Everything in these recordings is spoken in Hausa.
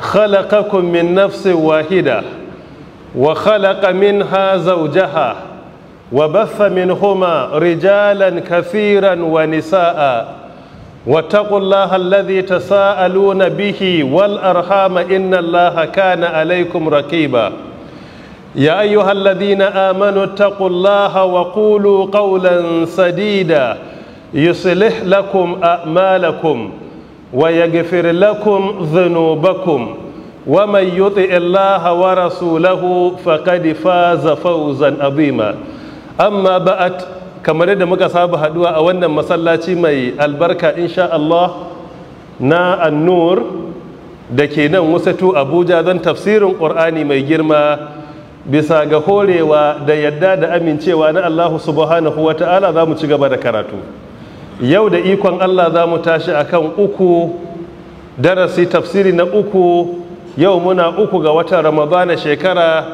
خلقكم من نفس واحدة وخلق منها زوجها وبث منهما رجالا كثيرا ونساء واتقوا الله الذي تساءلون به والأرحام إن الله كان عليكم رقيبا يا أيها الذين آمنوا اتقوا الله وقولوا قولا سديدا يصلح لكم أعمالكم ويغفر لكم ذنوبكم ومن يطع الله ورسوله فقد فاز فوزا عظيما اما بعد kamar yadda muka saba haduwa a wannan masallaci mai albarka insha Allah na annur da ke nan wasatu abuja don tafsirin ƙur'ani mai girma bisa ga horewa da yadda da amincewa na Allahu subhanahu wa ta'ala za mu ci gaba da karatu yau da ikon Allah za mu tashi a kan uku darasi tafsiri na uku yau muna uku ga watan ramadana shekara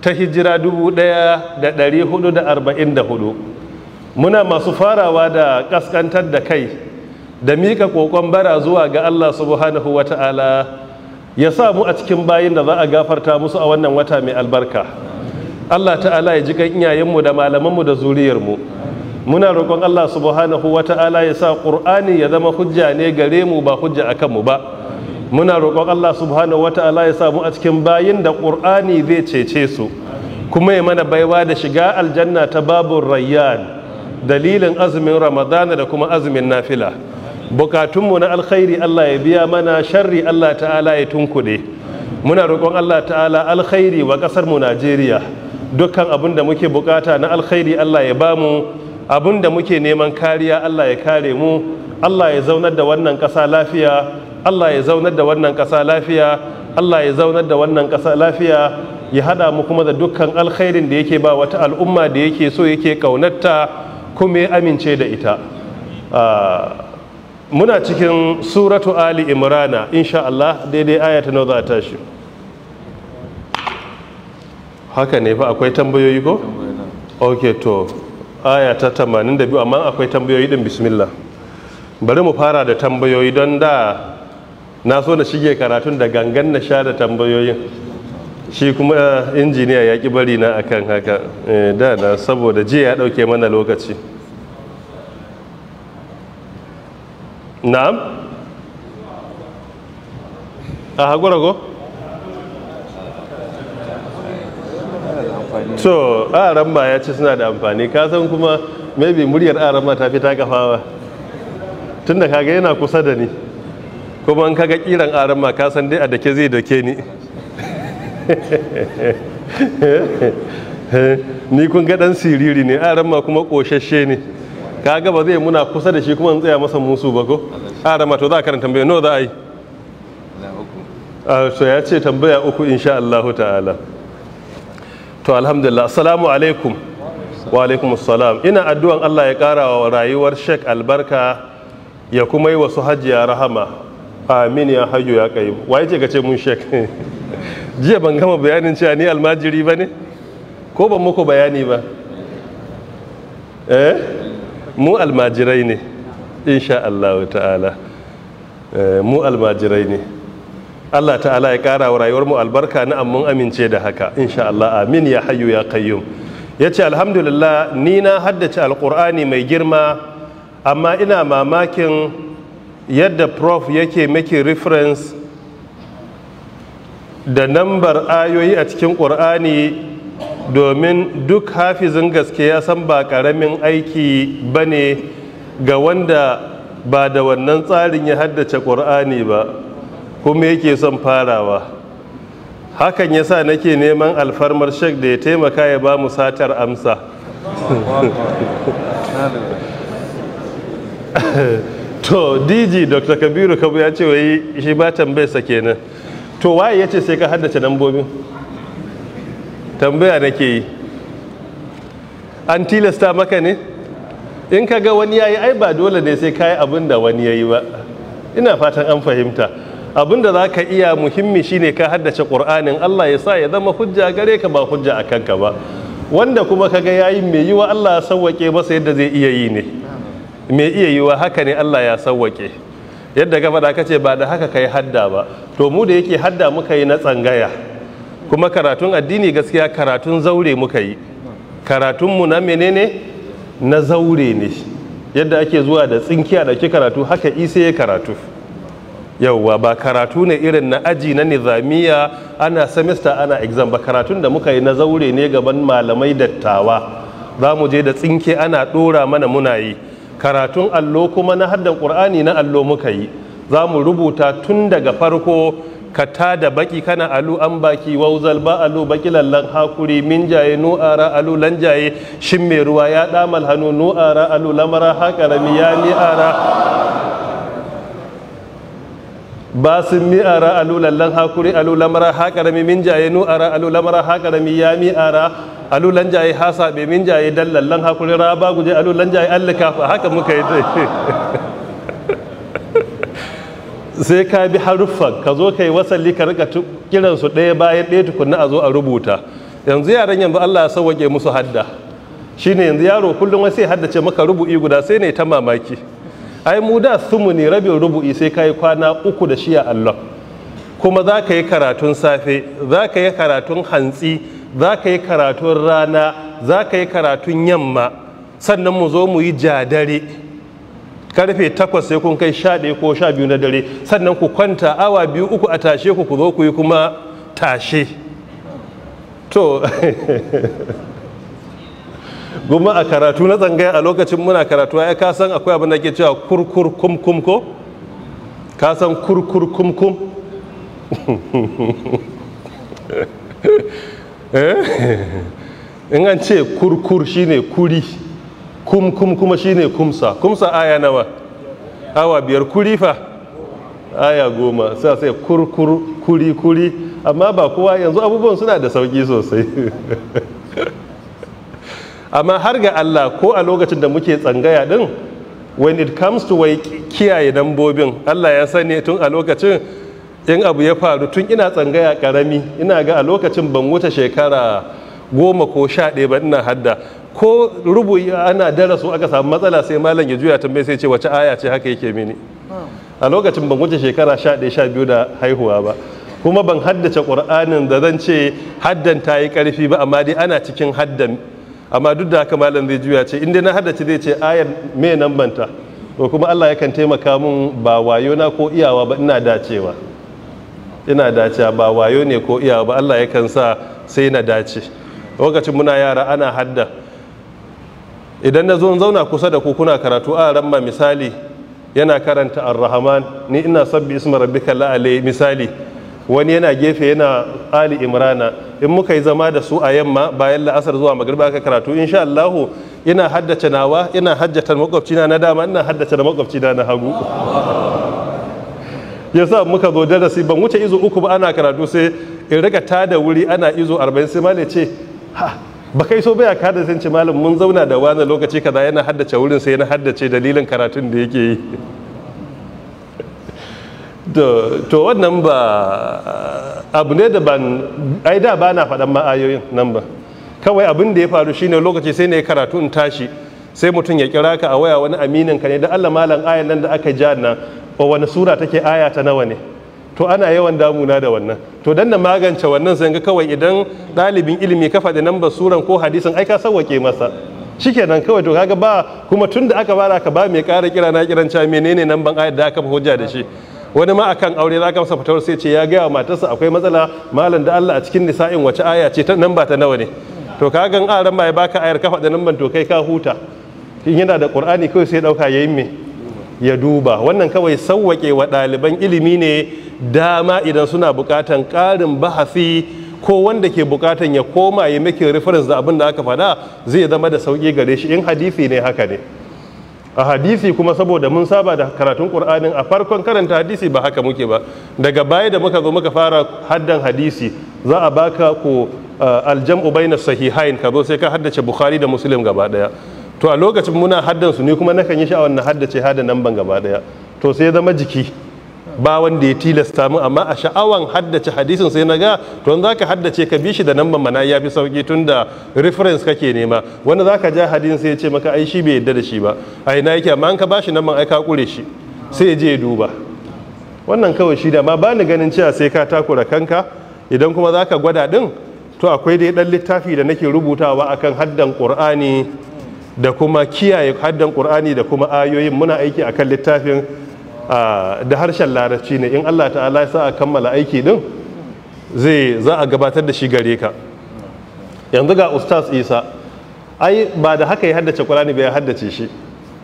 ta hijira 1444 muna masu farawa da kaskantar da kai da mika kokon bara zuwa ga Allah subhanahu wata'ala ya sa mu a cikin bayin da za a gafarta musu a wannan wata mai albarka Allah ta'ala ya ji kan iyayenmu da malamanmu da zuriyarmu muna roƙon Allah subhanahu ta'ala ya sa ƙur'ani ya zama hujja ne gare mu ba hujja akan mu ba muna roƙon Allah subhanahu ta'ala ya sa mu a cikin bayin da ƙur'ani zai cece su kuma ya mana baiwa da shiga aljanna ta babun rayyan dalilin azumin ramadana da kuma azumin nafila bukatunmu na alkhairi Allah ya biya mana sharri Allah ta'ala ya tunkuɗe muna roƙon Allah ta'ala alkhairi wa ƙasarmu Najeriya dukkan abin da muke bukata na alkhairi Allah ya bamu abin da muke neman kariya Allah ya kare mu Allah ya zaunar da wannan ƙasa lafiya Allah ya zaunar da wannan ƙasa lafiya Allah ya zaunar da wannan ƙasa lafiya ya haɗa mu kuma da dukkan alkhairin da yake ba wata al'umma da yake so yake ƙaunarta kuma ya amince da ita ah, muna cikin suratu ali imrana insha Allah daidai ayata na za ta shi haka ne fa akwai tambayoyi ko Ok to aya ta 82 amma akwai tambayoyi din bismillah bari mu fara da tambayoyi don da na so na shige karatun da gangan na sha da tambayoyin shi kuma eh, injiniya ya ki bari na akan haka eh, da na saboda jiya ya dauke mana lokaci na'am a to aran ma ya ce suna da amfani ka san kuma maybe muryar aran ma ta fi ta kafawa tun da kaga yana kusa da ni kuma in kaga kiran aran ma ka san dai a dake zai dake ni ni kun ga dan siriri ne aran ma kuma ƙoshashe ne kaga ba zai muna kusa da shi kuma in tsaya masa musu ba ko aran ma to za ka karanta tambayi no za a yi ah, so ya ce tambaya uku insha Allah ta'ala to alhamdulillah assalamu alaikum wa alaikum assalam ina addu'an Allah ya ƙara wa rayuwar Sheikh albarka ya kuma yi wasu hajiya rahama amin ya hayyu ya Wa waye ce gace mun Sheikh jiya ban gama bayanin cewa ni almajiri ba ne ko ban muku bayani ba eh mu almajirai ne insha Allah ta'ala eh, mu almajirai ne Allah ta'ala ya ƙara wa rayuwar mu albarka na mun amince da haka insha Allah amin ya hayyu ya qayyum yace alhamdulillah ni na haddace alqur'ani mai girma amma ina mamakin yadda prof yake maki reference da nambar ayoyi a cikin ƙur'ani domin duk hafizin gaske ya san ba karamin aiki ba ne ga wanda ba da wannan tsarin ya haddace ƙur'ani ba kuma yake son farawa hakan ya yasa nake neman alfarmar shek da ya taimaka ya ba mu satar amsa to dg dr kabiru kabu ya ce wai shi ba tambayarsa kenan to waye ya ce sai ka haddace lambobin tambaya nake yi an tilasta maka ne in ka ga wani ya yi ai ba dole ne sai ka yi abin da wani ya yi ba ina fatan an fahimta da za ka iya muhimmi shine ka haddace ƙur'anin allah ya sa ya zama hujja gare ka ba hujja a kanka ba wanda kuma ka kaga yayin mai yiwa allah ya sauwaƙe masa yadda zai iya yi ne mai iya yiwa haka ne allah ya sauwaƙe yadda ka faɗa kace ba da haka kai hadda ba to mu da yake hadda muka yi na tsangaya kuma karatun addini gaskiya karatun zaure muka yi karatunmu na menene na zaure ne yadda ake zuwa da tsinkiya da ke karatu haka isa ya karatu yauwa ba karatu ne irin na aji na nizamiya ana semester ana exam ba karatun da muka yi na zaure ne gaban malamai dattawa za mu je da tsinke ana ɗora mana muna yi karatun allo kuma na haddan ƙur'ani na allo muka yi za mu rubuta tun daga farko ka ta da baki kana alu an baki wauzal ba alu baki lallan hakuri min jaye nu alu lan jaye shin mai ruwa ya damal hannu nu alu lamara hakarami ya ni su mi a alu lallan hakuri alu lamara ha karami min jaye nu ara alu lamara ha karami ya mi a ra alulan jaye ha sabe min jaye dan lallan hakuri ra ba guje alulan jaye allaka fa haka muka yi sai ka bi haruffan ka zo kai wasalli ka rika kiran su ɗaya bayan ɗaya tukunna a zo a rubuta yanzu yaran yanzu Allah ya sauke musu hadda shine yanzu yaro kullum sai haddace maka rubu'i guda sai ne ta mamaki ai mu da sumu ne rabin rubu'i sai kayi kwana uku da shi a Allah, kuma za ka yi karatun safe za ka yi karatun hantsi za ka yi karatun rana za ka yi karatun yamma sannan mu zo mu yi jadare karfe takwas sai kun kai sha ɗaya ko sha biyu na dare sannan ku kwanta awa biyu uku a tashe ku ku zo ku yi kuma tashe goma a karatu na tsangaya a lokacin muna karatu ya ka san akwai abin da ke cewa kurkur kumkum ko ka san kurkur kumkum eh? in an ce kurkur shine kuri kumkum kuma shine kumsa kumsa aya nawa awa biyar kuri fa aya goma sai sai kurkur kuri kuri amma ba kowa yanzu abubuwan suna da sauki sosai amma har ga Allah ko a lokacin da muke tsangaya din when it comes to wai kiyaye dambobin Allah ya sani tun a lokacin in abu ya faru tun ina tsangaya karami ina ga a lokacin ban wuce shekara goma ko sha ɗaya ba ina hadda ko rubu ana darasu aka samu matsala sai malam ya juya tambaye sai ce wace aya ce haka yake mini a lokacin ban wuce shekara sha ɗaya sha biyu da haihuwa ba kuma ban haddace ƙur'anin da zan ce haddan ta yi ƙarfi ba amma dai ana cikin haddan amma duk da haka malam zai juya ce inda na haddace zai ce ayar me nan banta to kuma Allah yakan taimaka mun ba wayo na ko iyawa ba ina dacewa ina dacewa ba wayo ne ko iyawa ba Allah yakan sa sai na dace lokacin muna yara ana hadda idan na zo zauna kusa da ku kuna karatu a ramma misali yana karanta ar-rahman ni ina sabbi ismi rabbikal la misali wani yana gefe yana ali imrana in muka yi zama da su a yamma bayan la'asar zuwa magriba aka karatu insha Allahu ina haddace nawa ina haddace makwabci na dama ina haddace da makwabci na hagu yasa muka zo darasi ban wuce izo uku ba ana karatu sai in rika tada wuri ana izo 40 sai male ce ha ba kai so baya ka da sun ci malam mun zauna da wani lokaci kaza yana haddace wurin sai na haddace dalilin karatun da yake yi to wannan ba eh, abu ne da ban ai da ba na faɗan ma'ayoyin nan ba kawai abin da ya faru shine lokaci sai ne karatu in tashi sai mutum ya kira ka a waya wani aminin ka ne da Allah malam ayan nan da aka ja nan ko wani sura take aya ta nawa ne to ana yawan damuna da wannan to dan na magance wannan sai ga kawai idan ɗalibin ilimi ka faɗi nan ba suran ko hadisin ai ka sawwake masa shikenan kawai to kaga ba kuma tunda aka bara ka ba mai ƙara kira na kiranta menene nan ban ayat da aka hujja da shi wani ma akan aure za ka masa fatawar sai ce ya gaya wa matarsa akwai matsala malam da Allah a cikin nisa'in wace aya ce ta nan ba ta nawa ne to ka gan aran ba ya baka ayar ka faɗa nan ban to kai ka huta in yana da qur'ani kawai sai dauka yayin me ya duba wannan kawai sauwake wa ɗaliban ilimi ne dama idan suna buƙatan ƙarin bahasi ko wanda ke buƙatan ya koma ya make reference da abin da aka faɗa zai zama da sauƙi gare shi in hadisi ne haka ne a hadisi kuma saboda mun saba da karatun qur'anin a farkon karanta hadisi ba haka muke ba daga baya da muka zo muka fara haddan hadisi za a baka ko aljam'u bainas sahihain ka zo sai ka haddace bukhari da muslim gaba daya to a lokacin muna haddan su ne kuma nakan yi sha'awar na haddace hada nan ban gaba daya to sai zama jiki ba wanda ya tilasta mu amma a sha'awan haddace hadisin sai na ga to za ka haddace ka bi shi da nan mana ya fi sauki tun da reference kake nema wanda za ka ja hadisin sai ya ce maka ai shi bai yadda da shi ba ai na yake amma an ka bashi nan man ai kure shi sai ya je ya duba wannan kawai shi da ma ba ni ganin cewa sai ka takura kanka idan kuma za ka gwada din to akwai dai dan littafi da nake rubutawa akan haddan qur'ani da kuma kiyaye haddan qur'ani da kuma ayoyin muna aiki akan littafin da harshen larabci ne in Allah ta'ala ya sa a kammala aiki din zai za a gabatar da shi gare ka yanzu ga ustaz isa ai ba da haka ya haddace kwalani bai haddace shi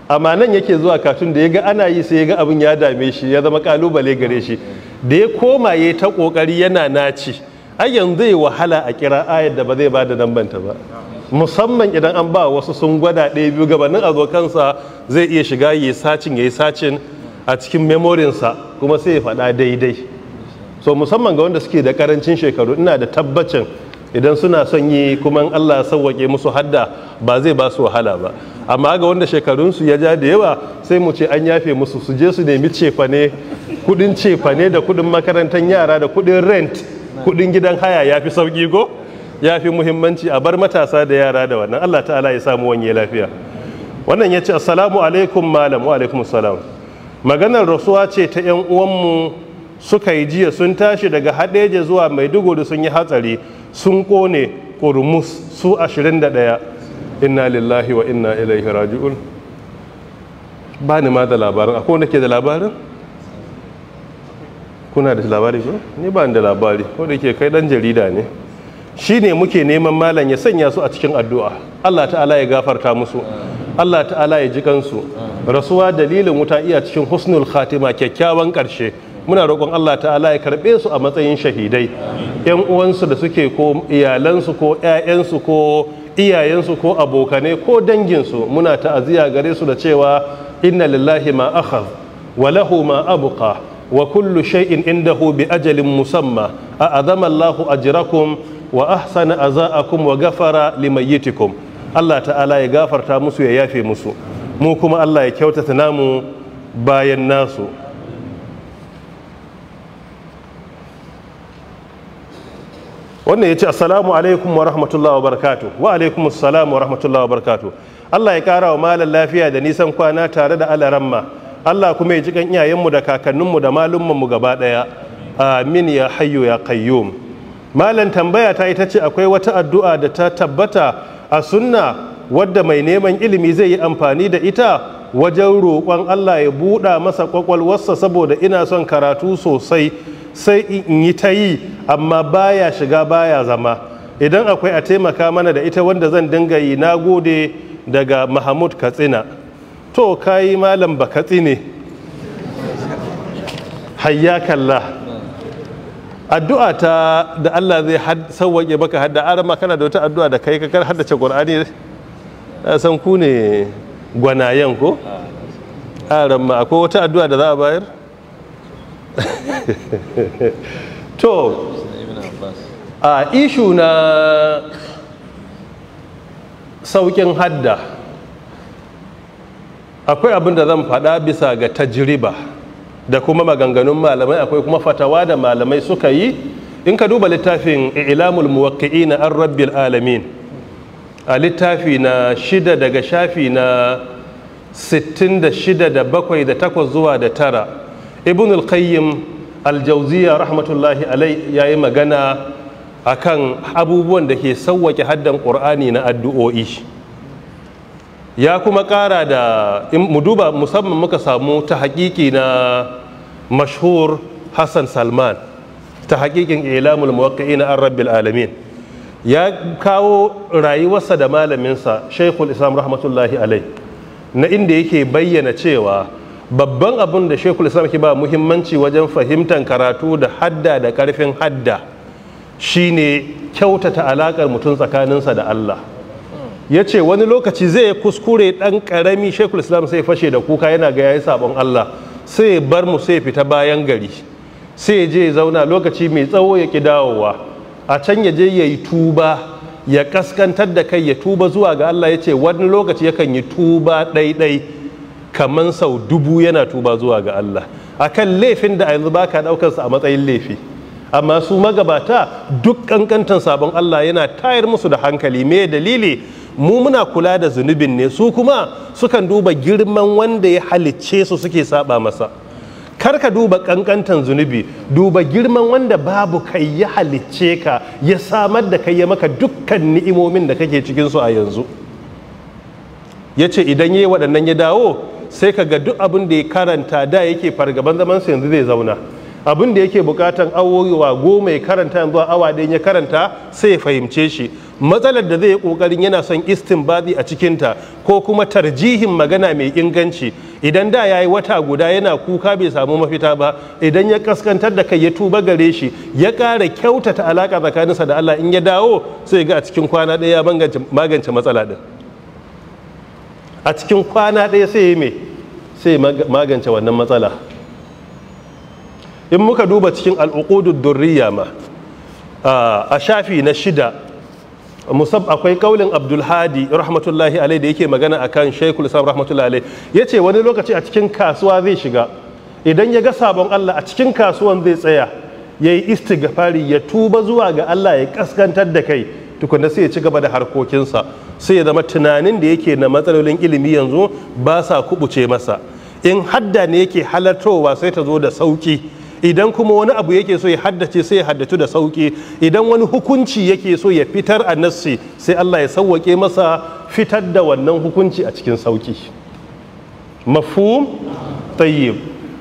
amma nan yake zuwa katun da ya ga ana yi sai ya ga abin ya dame shi ya zama kalubale gare shi da ya koma ya ta kokari yana naci ai yanzu yi wahala a kira ayar da ba zai ba da dambanta ba musamman idan an ba wasu sun gwada ɗaya biyu gabanin a zo kansa zai iya shiga yi sacin ya yi sacin a cikin memorinsa kuma sai ya faɗa daidai so musamman ga wanda suke da karancin shekaru ina da tabbacin idan suna son yi kuma Allah sauwaƙe musu hadda ba zai ba su wahala ba amma ga wanda shekarunsu ya ja da yawa sai mu ce an yafe musu su je su nemi cefane kudin cefane da kudin makarantar yara da kudin rent kudin gidan haya ya fi sauƙi go ya fi muhimmanci a bar matasa da yara da wannan Allah ta'ala ya samu wanye lafiya wannan ya ce assalamu alaikum malam wa alaikum maganar rasuwa ce ta 'yan uwanmu suka yi jiya sun tashi daga haɗeje zuwa maiduguri sun yi hatsari sun ƙone ƙurmus su 21 inna lillahi wa inna ilaihi raji'un ba ni ma da labarin a kone ke da labarin kuna da labari ko ni ba ni da labari ko da ke kai dan jarida ne shine muke neman malam ya sanya su a cikin addu'a Allah ta'ala ya gafarta musu Allah ta'ala ya ji kansu rasuwa dalilin wuta iya cikin husnul khatima kyakkyawan ƙarshe muna roƙon Allah ta'ala ya karɓe su a matsayin shahidai yan uwansu da suke ko iyalansu ko ƴaƴansu ko iyayensu ko abokane ko danginsu muna ta'aziyya gare su da cewa inna lillahi ma akhadh wa lahu ma abqa wa kullu shay'in indahu bi ajalin musamma a azama Allahu ajrakum wa ahsana azaakum wa ghafara limayyitikum Allah ta'ala ya gafarta musu ya yafe musu mu kuma Allah ya kyautata namu bayan nasu wannan ya ce assalamu alaikum wa rahmatullahi wa barakatu wa alaikum assalamu wa rahmatullahi wa barakatu Allah ya kara wa malar lafiya da nisan kwana tare da alaramma Allah kuma ya ji kan iyayenmu da kakanninmu da malummanmu gaba ɗaya. amin ya hayyu ya qayyum malam tambaya ta ita ce akwai wata addu'a da ta tabbata a sunna wadda mai neman ilimi zai yi amfani da ita wajen roƙon Allah ya buɗa masa ƙwaƙwalwarsa saboda ina son karatu sosai sai in yi ta yi amma baya shiga baya zama idan akwai a taimaka mana da ita wanda zan dinga yi na gode daga mahmud katsina to kayi malam ba katsi ne hayya kallah addu'a ta da Allah zai sauwaƙe baka hadda arama kana da wata addu'a da kai kakar haddace ƙwar'ani na san ku ne gwanayen ko ah. arama akwai wata addu'a da za a bayar to a ishu na sauƙin hadda akwai abin da zan faɗa bisa ga tajriba da kuma maganganun malamai akwai kuma fatawa da malamai suka yi in ka duba littafin ilamul muwakki na an rabbil alamin a littafi na shida daga shafi na 66 da bakwai da takwas zuwa da tara ibn al-qayyim aljauziya rahmatullahi alai ya yi magana akan abubuwan da ke sauwake haddan ƙur'ani na addu'o'i ya kuma ƙara da mu duba musamman muka samu ta hakiki na mashhur hassan salman ta hakikin ilamul muwakka'i na arabil alamin ya kawo rayuwarsa da malaminsa shaikhul islam rahmatullahi alai na inda yake bayyana cewa babban abin da shaikhul islam ke ba muhimmanci wajen fahimtar karatu da hadda da karfin hadda shine kyautata alakar mutum tsakaninsa da allah ya ce wani lokaci zai kuskure ɗan ƙarami shekul islam sai fashe da kuka yana ga yi sabon allah sai bar mu sai fita bayan gari sai je zauna lokaci mai tsawo ya ƙi dawowa a can ya je ya yi tuba ya kaskantar da kai ya tuba zuwa ga allah ya ce wani lokaci yakan yi tuba ɗaiɗai kamar sau dubu yana tuba zuwa ga allah akan laifin da a yanzu baka ɗaukarsa a matsayin laifi amma su magabata duk ƙanƙantar sabon allah yana tayar musu da hankali me dalili mu muna kula da zunubin ne su kuma sukan duba girman wanda ya halicce su suke saba masa kar ka duba kankantan zunubi duba girman wanda babu kai ya halicce ka ya samar da kai ya maka dukkan ni'imomin da kake cikin su a yanzu ya ce idan yi waɗannan ya dawo sai ka ga duk abin da ya karanta da yake fargaban zaman su yanzu zai zauna abin da yake bukatan awowa goma ya karanta yanzu awa ɗaya ya karanta sai ya fahimce shi matsalar da zai yi kokarin yana son istin istinbadi a cikinta ko kuma tarjihin magana mai inganci idan da ya yi wata guda yana kuka bai samu mafita ba idan ya kaskantar da kai ya tuba gare shi ya ƙara kyautata alaƙa tsakaninsa da Allah in ya dawo sai ga a cikin kwana ɗaya ya magance matsala ɗin a cikin kwana ɗaya sai ya mai sai magance wannan matsala in muka duba cikin al'uqudud durriya ma a shafi na shida musab akwai kaulin abdulhadi rahmatullahi alai da yake magana akan shaikul islam rahmatullahi alai ya ce wani lokaci a cikin kasuwa zai shiga idan ya ga sabon allah a cikin kasuwan zai tsaya ya yi istighfari ya tuba zuwa ga allah ya kaskantar da kai tukunna sai ya ci gaba da harkokinsa sai ya zama tunanin da yake na matsalolin ilimi yanzu ba sa kubuce masa in hadda ne yake halartowa sai ta zo da sauki idan kuma wani abu yake so ya haddace sai ya haddatu da sauki idan wani hukunci yake so ya fitar a nassi sai Allah ya sauwake masa fitar da wannan hukunci a cikin sauki mafhum tayyib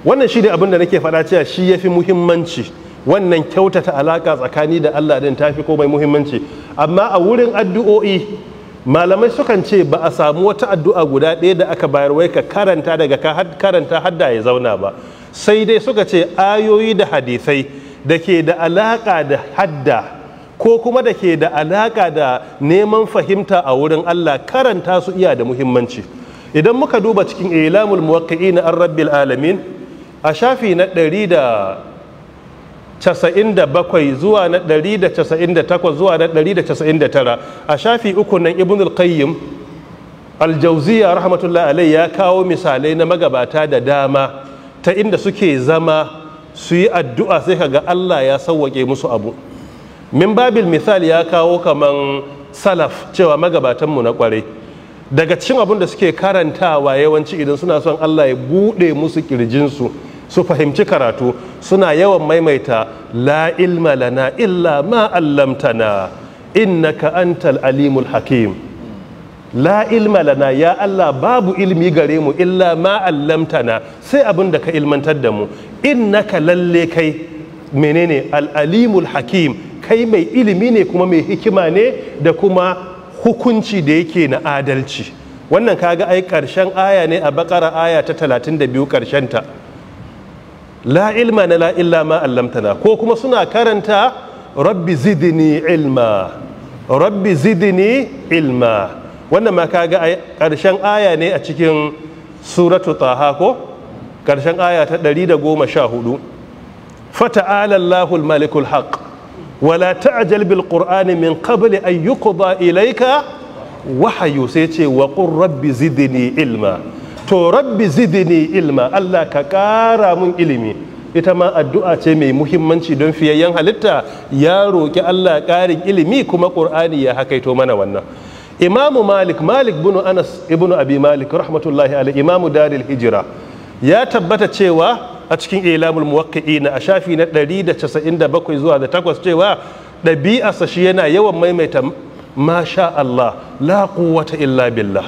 wannan shi ne abin da nake faɗa cewa shi ya fi muhimmanci wannan kyautata alaka tsakani da Allah din tafi komai muhimmanci amma a wurin addu'o'i malamai sukan ce ba a samu wata addu'a guda ɗaya da aka bayar wai ka karanta daga ka karanta hadda ya zauna ba sai dai suka ce ayoyi da hadisai da ke da alaƙa da hadda ko kuma da ke da alaƙa da neman fahimta a wurin Allah karanta su iya da muhimmanci idan muka duba cikin ilamul na an rabbil alamin a shafi na 197 zuwa na 198 zuwa na 199 a shafi uku nan ibn al-qayyim al ya kawo misalai na magabata da dama ta inda suke zama su yi addu'a sai kaga Allah ya sauwaƙe musu abu min babil misali ya kawo kaman salaf cewa magabatanmu na ƙware. daga cikin abin da suke karantawa yawanci idan suna son Allah ya buɗe musu ƙirjinsu su fahimci karatu suna yawan maimaita la ilma lana illa ma allamtana innaka antal alimul hakim la ilma lana ya Allah babu ilmi gare mu illa ma allamtana sai abin da ka ilmantar da mu innaka lalle kai menene al-alimul hakim kai mai ilimi ne kuma mai hikima ne da kuma hukunci da yake na adalci wannan kaga ai karshen aya ne a bakara aya ta 32 karshen ta la ilma na la illa ma allamtana ko kuma suna karanta rabbi zidni ilma rabbi zidni ilma wannan ma kaga a ƙarshen aya ne a cikin suratu taha ko ƙarshen aya ta 114 fata'ala allahul malikul haq wala ta'jal bil qur'ani min qabli an ba ilaika. wahayu sai ce wa qur rabbi zidni ilma to rabbi zidni ilma allah ka ƙara mun ilimi ita ma addu'a ce mai muhimmanci don fiyayyen halitta ya roƙi Allah ƙarin ilimi kuma ƙur'ani ya hakaito mana wannan imamu malik malik bunu anas ibnu abi malik rahmatullahi alai imamu daril hijira ya tabbata cewa a cikin ilamul muwaqqi'ina a shafi na 197 zuwa da takwas cewa ɗabi'arsa shi yana yawan maimaita masha Allah la quwwata illa billah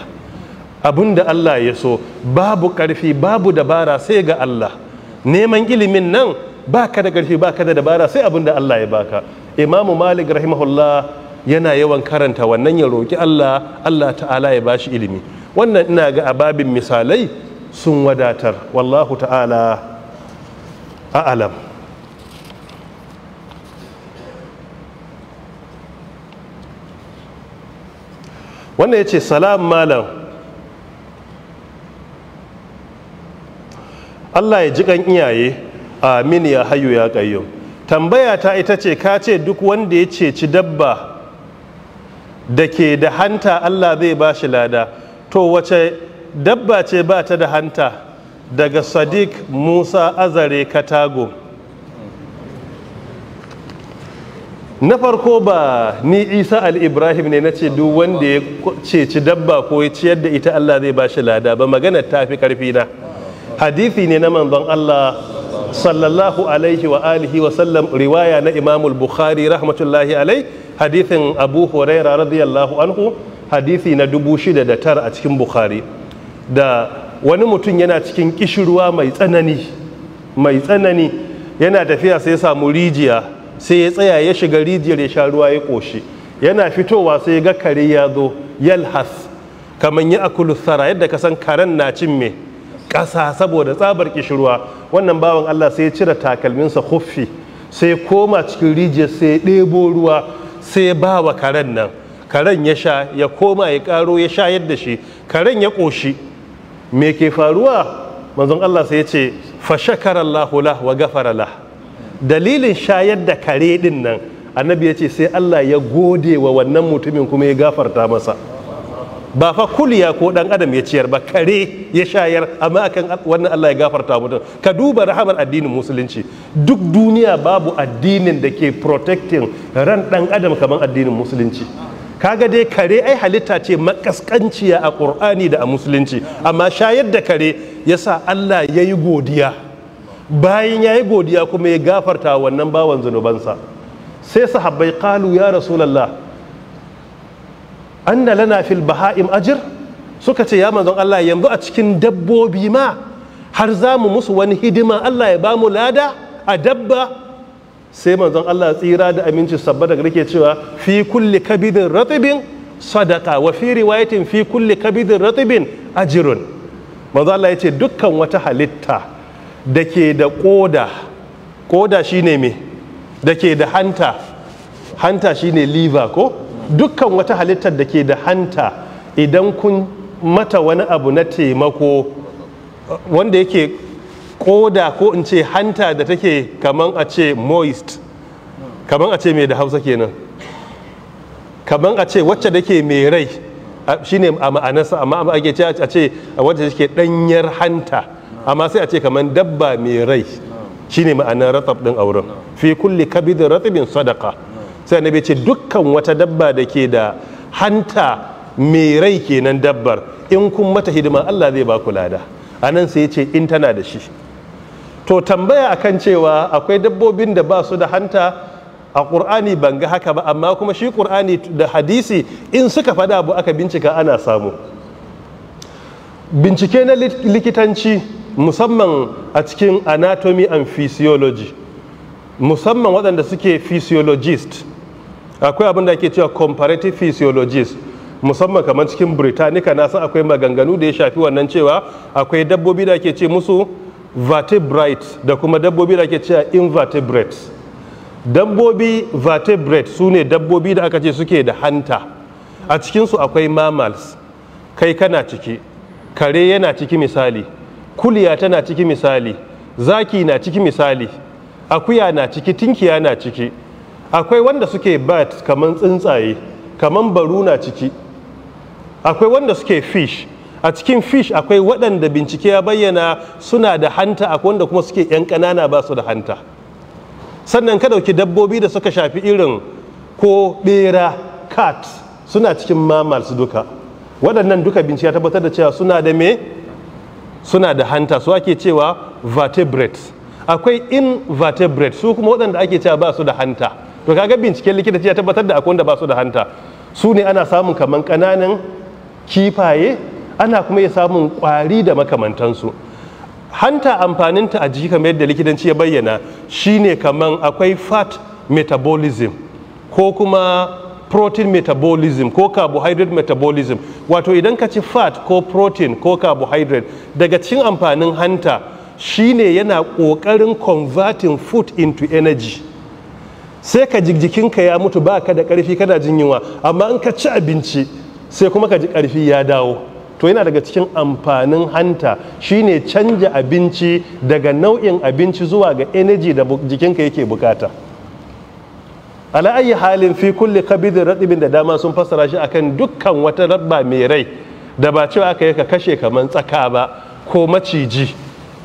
abinda Allah ya so babu ƙarfi babu dabara sai ga Allah neman ilimin nan baka da ƙarfi baka da dabara sai abinda Allah ya baka imamu malik rahimahullah yana yawan karanta wannan ya roƙi Allah Allah ta'ala ya ba shi ilimi wannan ina ga ababin misalai sun wadatar wallahu ta'ala a alam. wannan ya ce salam malam Allah ya ji kan iyaye amin ya hayu ya kayyum tambaya ta ita ce ka ce duk wanda ya ceci dabba da ke da hanta Allah zai ba shi lada to wace dabba ce ba ta da hanta daga sadiq musa azare katago na farko ba ni isa al-ibrahim ne na ce duk wanda ya ceci dabba ko ya ciyar da ita Allah zai ba shi lada ba magana ta fi karfi na hadithi ne na manzon Allah sallallahu alaihi wa alihi wa sallam riwaya na Imam al Bukhari rahmatullahi alai hadithin Abu Huraira radiyallahu anhu hadithi na dubu shida da tara a cikin Bukhari da wani mutum yana cikin kishirwa mai tsanani mai tsanani yana tafiya sai ya samu rijiya sai ya tsaya ya shiga rijiyar ya sha ruwa ya koshi yana fitowa sai ga kare ya zo yalhas kamar ya akulu kulusara yadda ka san karen na cin me ƙasa saboda tsabar kishirwa wannan bawan Allah sai ya cire takalminsa huffi sai koma cikin rijiyar sai ɗebo ruwa sai ba wa karen nan karen ya sha ya koma ya ƙaro ya sha yadda shi karen ya ƙoshi me ke faruwa manzon Allah sai ya ce fa Allah lah wa gafara dalilin shayar da kare din nan annabi ya ce sai Allah ya gode wa wannan mutumin kuma ya gafarta masa ba fa kuliya ko dan adam ya ciyar ba kare ya shayar amma akan wannan Allah ya gafarta mutum ka duba rahamar addinin musulunci duk duniya babu addinin da ke protecting ran dan adam kamar addinin musulunci kaga dai kare ai halitta ce makaskanciya a qur'ani da a musulunci amma shayar da kare yasa Allah ya yi godiya bayan ya yi godiya kuma ya gafarta wannan bawan zunubansa sai sahabbai kalu ya rasulallah anna lana fil baha'im ajir suka ce ya manzon Allah yanzu a cikin dabbobi ma har za mu musu wani hidima Allah ya bamu lada a dabba sai manzon Allah tsira da aminci sabba daga rike cewa fi kulli kabidin ratibin sadaka wa fi riwayatin fi kulli kabidin ratibin ajirun manzon Allah ya ce dukkan wata halitta da ke da koda koda shine me da ke da hanta hanta shine liver ko dukkan wata halittar da ke da hanta idan kun mata wani abu na taimako wanda yake koda ko in ce hanta da take kaman a ce moist kaman a ce mai da hausa kenan kaman a ce wacce da ke mai rai shine a ma'anarsa amma ake ce a ce a wacce take danyar hanta amma sai a ce kamar dabba mai rai shine ma'anar ratsab din auren fi kulli kabidin ratsibin sadaka sai annabi ce dukkan wata dabba da ke da hanta mai rai kenan dabbar in kun mata hidima Allah zai ba ku lada nan sai ce in tana da shi to tambaya akan cewa akwai dabbobin da ba su da hanta a ƙur'ani ban ga haka ba amma kuma shi ƙur'ani da hadisi in suka faɗa abu aka bincika ana samu bincike na likitanci musamman a cikin anatomy and physiology musamman waɗanda suke physiologist akwai abin da ake cewa comparative physiologist musamman kamar cikin britannica na san akwai maganganu da ya shafi wannan cewa akwai dabbobi da ake ce musu vertebrate da kuma dabbobi da ake ce invertebrate dabbobi vertebrate su ne dabbobi da aka ce suke da hanta a cikinsu akwai mammals kai kana ciki kare yana ciki misali kuliya tana ciki misali zaki na ciki misali akuya na ciki tinkiya na ciki akwai wanda suke bat kaman tsuntsaye kaman baruna ciki akwai wanda suke fish a cikin fish akwai waɗanda bincike ya bayyana suna da hanta akwai wanda kuma suke 'yan ƙanana ba su da hanta sannan ka ɗauki dabbobi da suka shafi irin ko ɓera cat suna cikin mammals duka waɗannan duka bincike ya tabbatar da cewa suna da me suna da hanta su ake cewa vertebrates akwai invertebrates su kuma waɗanda ake cewa ba su da hanta to kaga binciken likita ya tabbatar da akwai wanda ba su da hanta su ne ana samun kaman kananan kifaye ana kuma iya samun kwari da makamantansu hanta amfaninta a jiki kamar yadda likitanci ya bayyana shine kaman akwai fat metabolism ko kuma protein metabolism ko carbohydrate metabolism wato idan ka ci fat ko protein ko carbohydrate daga cin amfanin hanta shine yana ƙoƙarin converting food into energy sai ka jikjikinka ya mutu ba ka da ƙarfi kana jin yunwa amma in ka ci abinci sai kuma ka ji ƙarfi ya dawo to yana daga cikin amfanin hanta shine canja abinci daga nau'in abinci zuwa ga energy da jikinka yake bukata ala ayi halin fi kulli qabidin radibin da dama sun fassara shi akan dukkan wata rabba mai rai da ba cewa aka yi ka kashe kamar tsaka ba ko maciji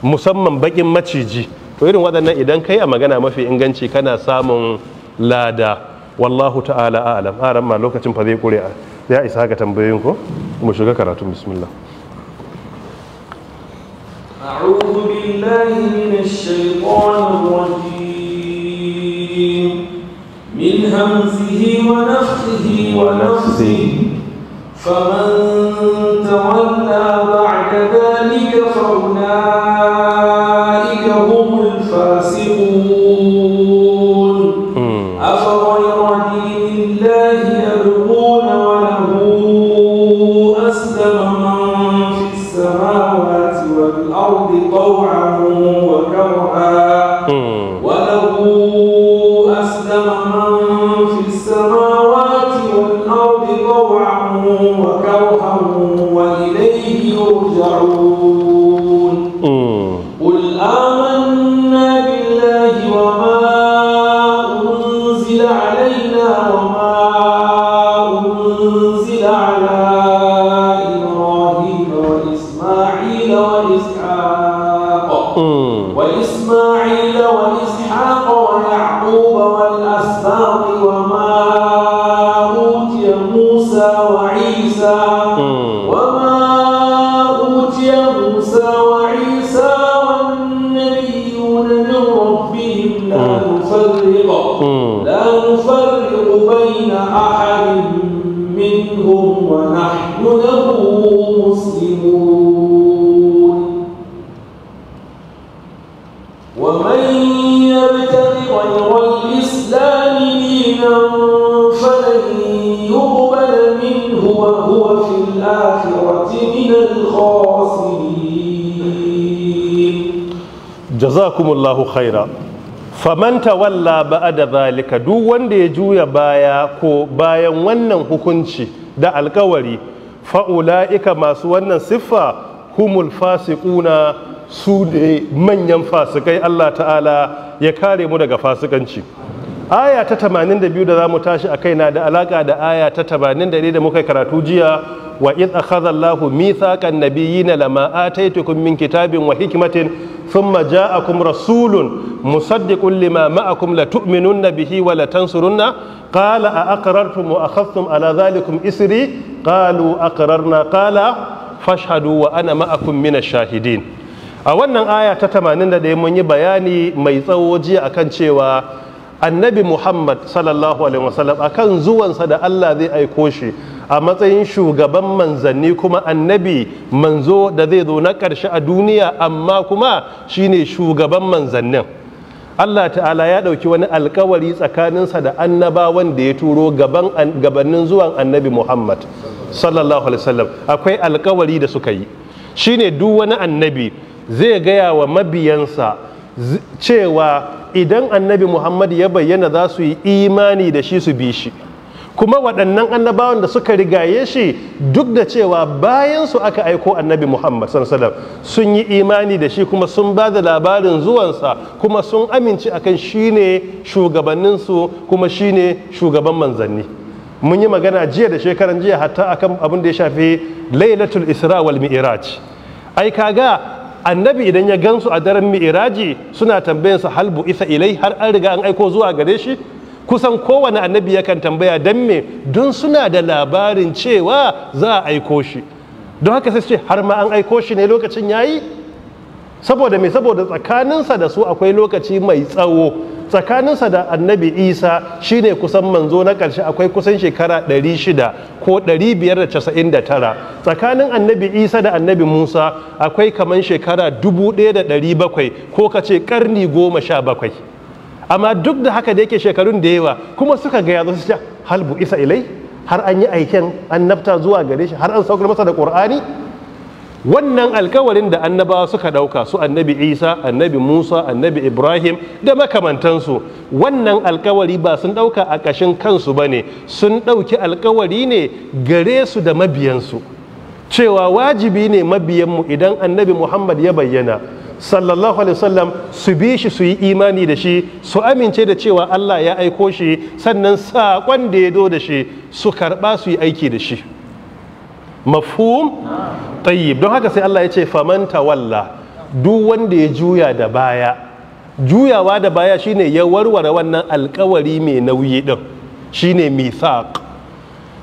musamman bakin maciji to irin waɗannan idan kai a magana mafi inganci kana samun lada wallahu ta'ala a'lam aran ma lokacin fa zai kure ya isa haka tambayoyin ko mu shiga karatu bismillah أعوذ بالله من الشيطان الرجيم من همزه ونفخه ونفسه فمن تولى بعد ذلك فأولئك هم fala assim, لا نفرق بين أحد منهم ونحن له مسلمون ومن يبتغ غير الإسلام دينا فلن يقبل منه وهو في الآخرة من الخاسرين جزاكم الله خيرا famanta walla da zalika duk wanda ya juya baya ko bayan wannan hukunci da alkawari fa'ula'ika masu wannan siffa humul fasikuna su da manyan fasikai Allah ta'ala ya kare mu daga fasikanci aya ta 82 da za mu tashi a kaina da alaka da aya ta 81 da muka karatu jiya wa mi akhadha Allahu mithaqan na lama ataitukum min kitabin wa hikmatin thumma ja'akum rasulun musaddiqun lima ma'akum la tu'minunna bihi wa la tansurunna Kala a aqrartum wa akhadhtum ala dhalikum isri qalu aqrarna wa ana ma'akum shahidin a wannan aya ta 81 mun yi bayani mai tsawo jiya akan cewa annabi Muhammad sallallahu alaihi wasallam akan zuwansa da Allah zai aiko shi a matsayin shugaban manzanni kuma annabi manzo da zai zo na ƙarshe a duniya amma kuma shine shugaban manzannin Allah ta'ala ya ɗauki wani alkawari tsakaninsa da annabawan da ya turo gabanin zuwan annabi Muhammad sallallahu alaihi wasallam akwai alkawari da suka yi shine duk wani annabi zai gaya wa mabiyansa cewa idan annabi Muhammad ya bayyana za su yi imani da shi su bi shi kuma waɗannan annabawan da suka rigaye shi duk da cewa bayan su aka aiko annabi Muhammad sallallahu sun yi imani da shi kuma sun ba da labarin zuwansa kuma sun amince akan ne shugabanninsu kuma shi ne shugaban manzanni mun yi magana jiya da shekaran jiya hatta akan abin da ya shafi lailatul isra wal mi'raj ai kaga annabi idan ya gansu a daren mi'raji suna tambayansa halbu isa ilai har an riga an aiko zuwa gare shi kusan kowane annabi yakan tambaya don me don suna da labarin cewa za a aiko shi don haka sai ce har ma an aiko shi ne lokacin yayi saboda me saboda tsakaninsa da su akwai lokaci mai tsawo tsakaninsa da annabi isa shine kusan manzo na ƙarshe akwai kusan shekara 600 ko 599 tsakanin annabi isa da annabi musa akwai kamar shekara 1700 ko kace karni 17 amma duk da haka da yake shekarun da yawa kuma suka ga yazo su ce halbu isa ilai har an yi aiken annabta zuwa gare shi har an saukar masa da qur'ani wannan alkawarin da annabawa suka ɗauka su annabi isa annabi musa annabi ibrahim da makamantansu wannan alkawari ba sun ɗauka a ƙashin kansu ba ne sun ɗauki alkawari ne gare su da mabiyansu cewa wajibi ne mabiyanmu idan annabi muhammad ya bayyana sallallahu alaihi wasallam su bi shi su yi imani da shi su amince da cewa Allah ya aiko shi sannan saƙon da ya do da shi su karɓa su yi aiki da shi mafhum tayyib don haka sai Allah ya ce faman tawalla duk wanda ya juya da baya juyawa da baya shine ya warware wannan alkawari mai nauyi din shine mithaq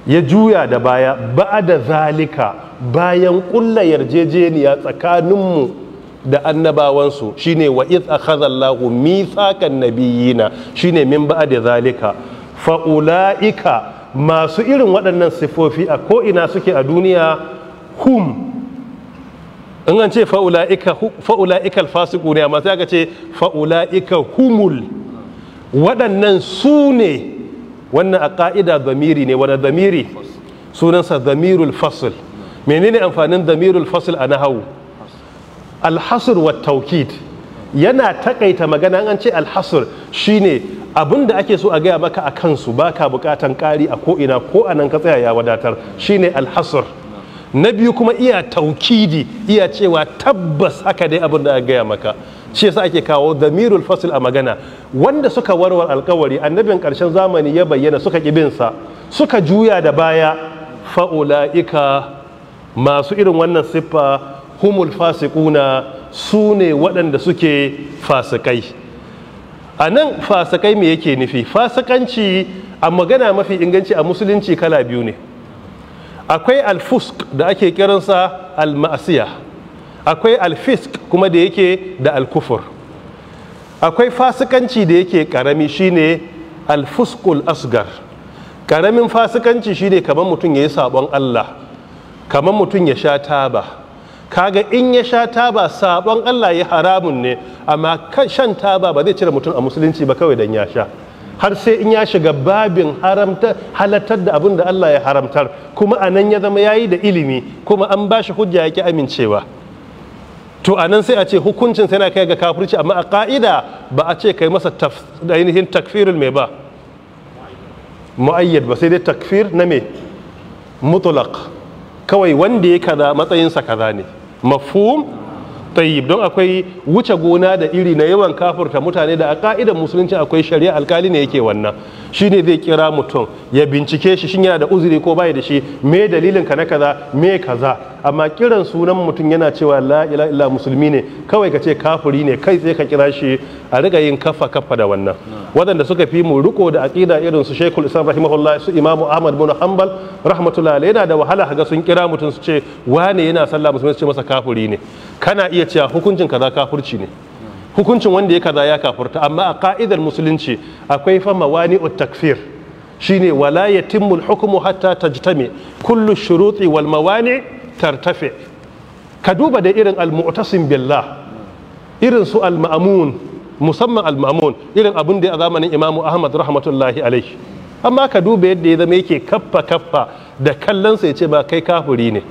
ya juya da baya ba'a da zalika bayan ƙulla yarjejeniya tsakaninmu da annabawansu shine wa iz akhadha Allahu mithaqan nabiyina shine min da zalika fa masu irin waɗannan sifofi a ko'ina suke a duniya hum in an ce fa'ula'ika fa'ula'ika alfasiku ne amma sai aka ce fa'ula'ika humul waɗannan su ne wannan a ƙa'ida zamiri ne wani zamiri sunansa zamirul fasil menene amfanin zamirul fasil a nahawu alhasur wa taukid yana takaita magana an ce alhasur shine abin da ake so a gaya maka a kansu baka bukatan kari a ko'ina ko a nan ka tsaya ya wadatar shine alhasur na biyu kuma iya taukidi iya cewa tabbas haka dai abin da aka gaya maka shi yasa ake kawo damirul fasil a magana wanda suka warware alkawari annabin karshen zamani ya bayyana suka kibinsa suka juya da baya fa'ula'ika masu irin wannan siffa humul fasikuna su ne waɗanda suke fasikai a nan fasikai mai yake nufi fasikanci a magana mafi inganci a musulunci kala biyu ne akwai alfusk da ake kiransa almasiya akwai alfisk kuma da yake da alkufur akwai fasikanci da yake karami shine alfuskul asgar karamin fasikanci shine kamar mutum ya yi sabon allah kamar mutum ya sha taba kaga in ya sha taba sabon Allah ya haramun ne amma shan taba ba zai cire mutum a musulunci ba kawai dan ya sha har sai in ya shiga babin haramta halatar da abin da Allah ya haramtar kuma a nan ya zama ya yi da ilimi kuma an ba shi hujja ya ki amincewa to a nan sai a ce hukuncin sai na kai ga kafirci amma a ka'ida ba a ce kai masa ainihin takfirin mai ba mu'ayyad ba sai dai takfir na mai mutlaq kawai wanda ya kaza matsayinsa kaza ne mafhum tayyib don akwai wuce gona da iri na yawan kafurta mutane da a ka'idan musulunci akwai shari'a alkali ne yake wannan Shi ne zai kira mutum ya bincike shi shin yana da uzuri ko bai da shi me dalilin ka na kaza me kaza amma kiran sunan mutum yana cewa la ilaha musulmi ne kawai ka ce kafuri ne kai sai ka kira shi a riga yin kafa kafa da wannan Wadanda suka fi mu riko da aqida irin su Sheikhul Islam rahimahullah su Imam Ahmad bin Hanbal rahmatullahi yana da wahala ga sun kira mutum su ce wane yana sallah musulmi su ce masa kafuri ne kana iya cewa hukuncin kaza kafirci ne hukuncin wanda ya kaza ya kafurta amma a ka'idar musulunci akwai fa mawani takfir shine wala yatimmu hukmu hatta tajtami kullu shuruti wal mawani tartafi ka duba da irin al-mu'tasim billah irin su al-ma'mun musamman al-ma'mun irin abun da a zamanin imamu ahmad rahmatullahi alaihi amma ka duba yadda ya zama yake kaffa kaffa da kallon ya ce ba kai kafuri ne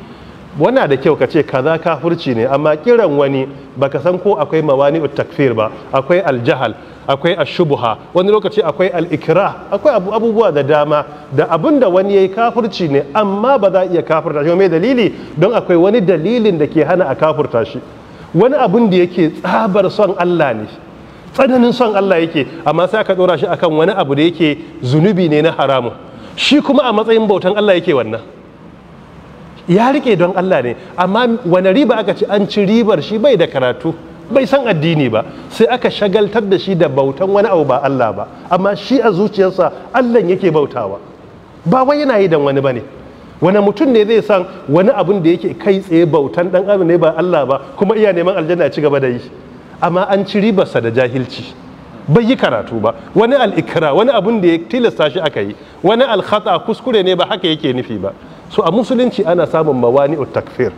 wana da kyau ka ce kaza kafurci ne amma kiran wani baka san ko akwai mawani takfir ba akwai aljahal akwai ashubuha wani lokaci akwai al'ikira akwai abubuwa da dama da abin da wani ya yi kafurci ne amma ba za a iya kafirta shi mai dalili don akwai wani dalilin da ke hana a kafirta shi wani abin da yake tsabar son Allah ne tsananin son Allah yake amma sai aka dora shi akan wani abu da yake zunubi ne na haramu shi kuma a matsayin bautan Allah yake wannan ya rike don Allah ne amma wani riba aka ci an ci ribar shi bai da karatu bai san addini ba sai aka shagaltar da shi da bautan wani abu ba Allah ba amma shi a zuciyarsa Allah yake bautawa ba wai yana yi dan wani ba ne. wani mutum ne zai san wani abun da yake kai tsaye bautan dan abu ne ba Allah ba kuma iya neman aljanna ci gaba da yi amma an ci ribarsa da jahilci bai yi karatu ba wani al'ikira wani abun da ya tilasta shi aka yi wani alkhata kuskure ne ba haka yake nufi ba so a musulunci ana samun mawani takfir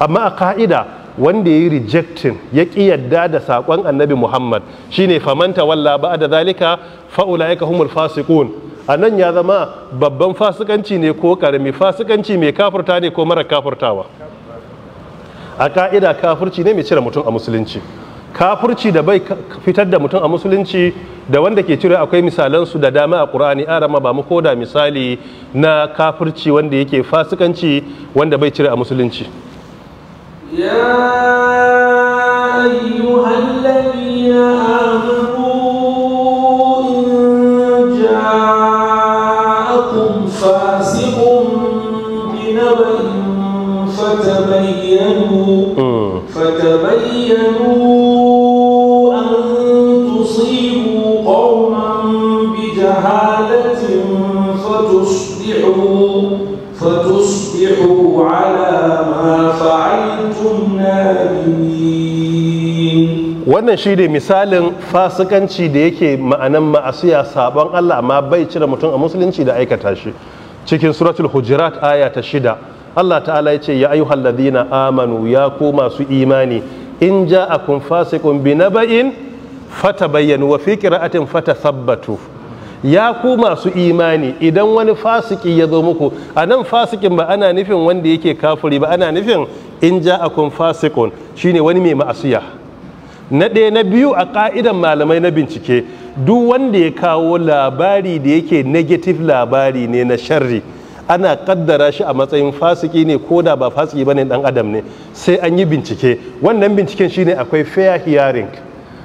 amma a ka'ida wanda ya yi rejectin ya ƙi yadda da saƙon annabi muhammad shine famanta walla ba da zalika ya kahumul fasikun. a nan ya zama babban fasikanci ne ko ƙarami fasikanci mai kafurta ne ko mara kafurtawa a ka'ida kafurci ne mai cire mutum a musulunci kafurci da bai fitar da mutum a musulunci da wanda ke cire akwai misalansu da dama a ƙur'ani arama ba mu koda misali na kafurci wanda yake fasikanci wanda bai cire a musulunci ya فتبينوا wannan shi ne misalin fasikanci da yake ma'anan ma'asiya sabon Allah amma bai cire mutum a musulunci da aikata shi cikin suratul hujurat aya ta shida Allah ta'ala ya ce ya ayyuhal ladina amanu ya ku masu imani in ja'akum fasiqun binaba'in fatabayyanu wa fi fata sabbatu, ya ku masu imani idan wani fasiki ya zo muku a nan fasikin ba ana nufin wanda yake kafuri ba ana nufin in ja'akum fasiqun shine wani mai ma'asiya na ɗaya na biyu a ƙa'idan malamai na bincike duk wanda ya kawo labari da yake negative labari ne na sharri ana kaddara shi a matsayin fasiki ne ko da ba fasiki ne dan adam ne sai an yi bincike wannan binciken shine akwai fair hearing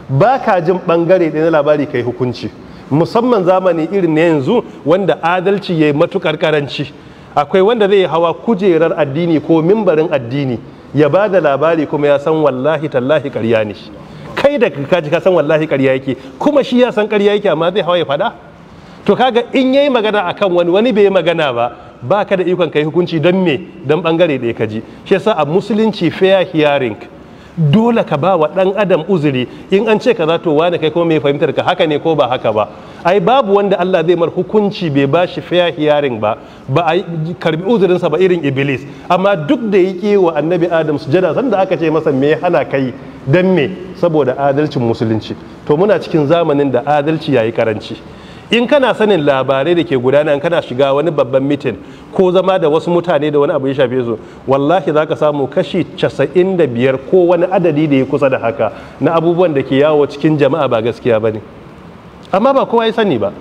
ba ka jin bangare ɗaya na labari kai hukunci musamman zamani irin na yanzu wanda adalci ya yi matukar karanci akwai wanda zai hawa kujerar addini ko mimbarin addini ya ba da labari kuma ya san wallahi tallahi karya ne kai da ka ji ka san wallahi ƙarya yake kuma shi ya san ƙarya yake amma zai hawaye ya faɗa to kaga in yayi magana akan wani wani bai magana ba ba ka da ikon kai hukunci dan me don bangare da ka ji shi yasa a musulunci fair hearing dole ka ba wa ɗan adam uzuri in an ce ka to wani kai kuma mai fahimtar ka haka ne ko ba haka ba ai babu wanda Allah zai mar hukunci bai ba shi fair hearing ba ba a karbi sa ba irin iblis amma duk da yake wa annabi adam sujada sanda aka ce masa me hana kai dan me saboda adalcin musulunci to muna cikin zamanin da adalci yayi karanci in kana sanin labarai da ke gudana in kana shiga wani babban mitin ko zama da wasu mutane da wani abu ya shafe su wallahi za ka samu kashi 95 ko wani adadi da ya kusa da haka na abubuwan da ke yawo cikin jama'a ba gaskiya ba ne amma ba kowa ya sani ba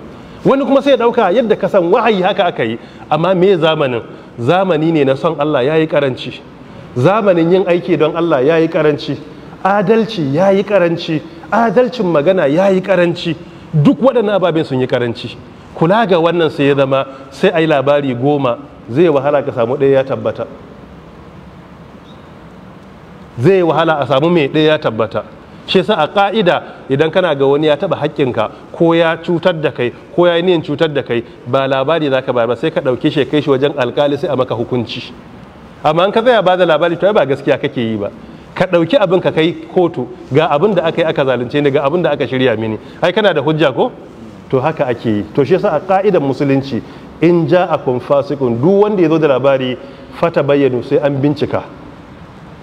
wani kuma sai ya ɗauka yadda ka san wahayi haka aka yi amma me zamanin zamani ne na son allah ya yi karanci zamanin yin aiki don allah ya yi karanci adalci ya yi karanci adalcin magana ya yi karanci duk waɗannan ababen sun yi karanci kula ga wannan sai ya zama sai a yi labari goma zai wahala ka samu ɗaya ya tabbata zai wahala a samu mai ɗaya ya tabbata shi sa a ƙa'ida idan kana ga wani ya taɓa haƙƙinka ko ya cutar da kai ko ya yi niyan cutar da kai ba labari za ka ba sai ka ɗauke shi kai shi wajen alƙali sai a maka hukunci amma an ka tsaya ba da labari to ba gaskiya kake yi ba ka ɗauki abin ka kai kotu ga abin da aka yi aka zalunce ni ga abin da aka shirya mini ai kana da hujja ko to haka ake yi to shi yasa a ka'idan musulunci in ja a fasikun duk wanda ya zo da labari fata bayyana sai an bincika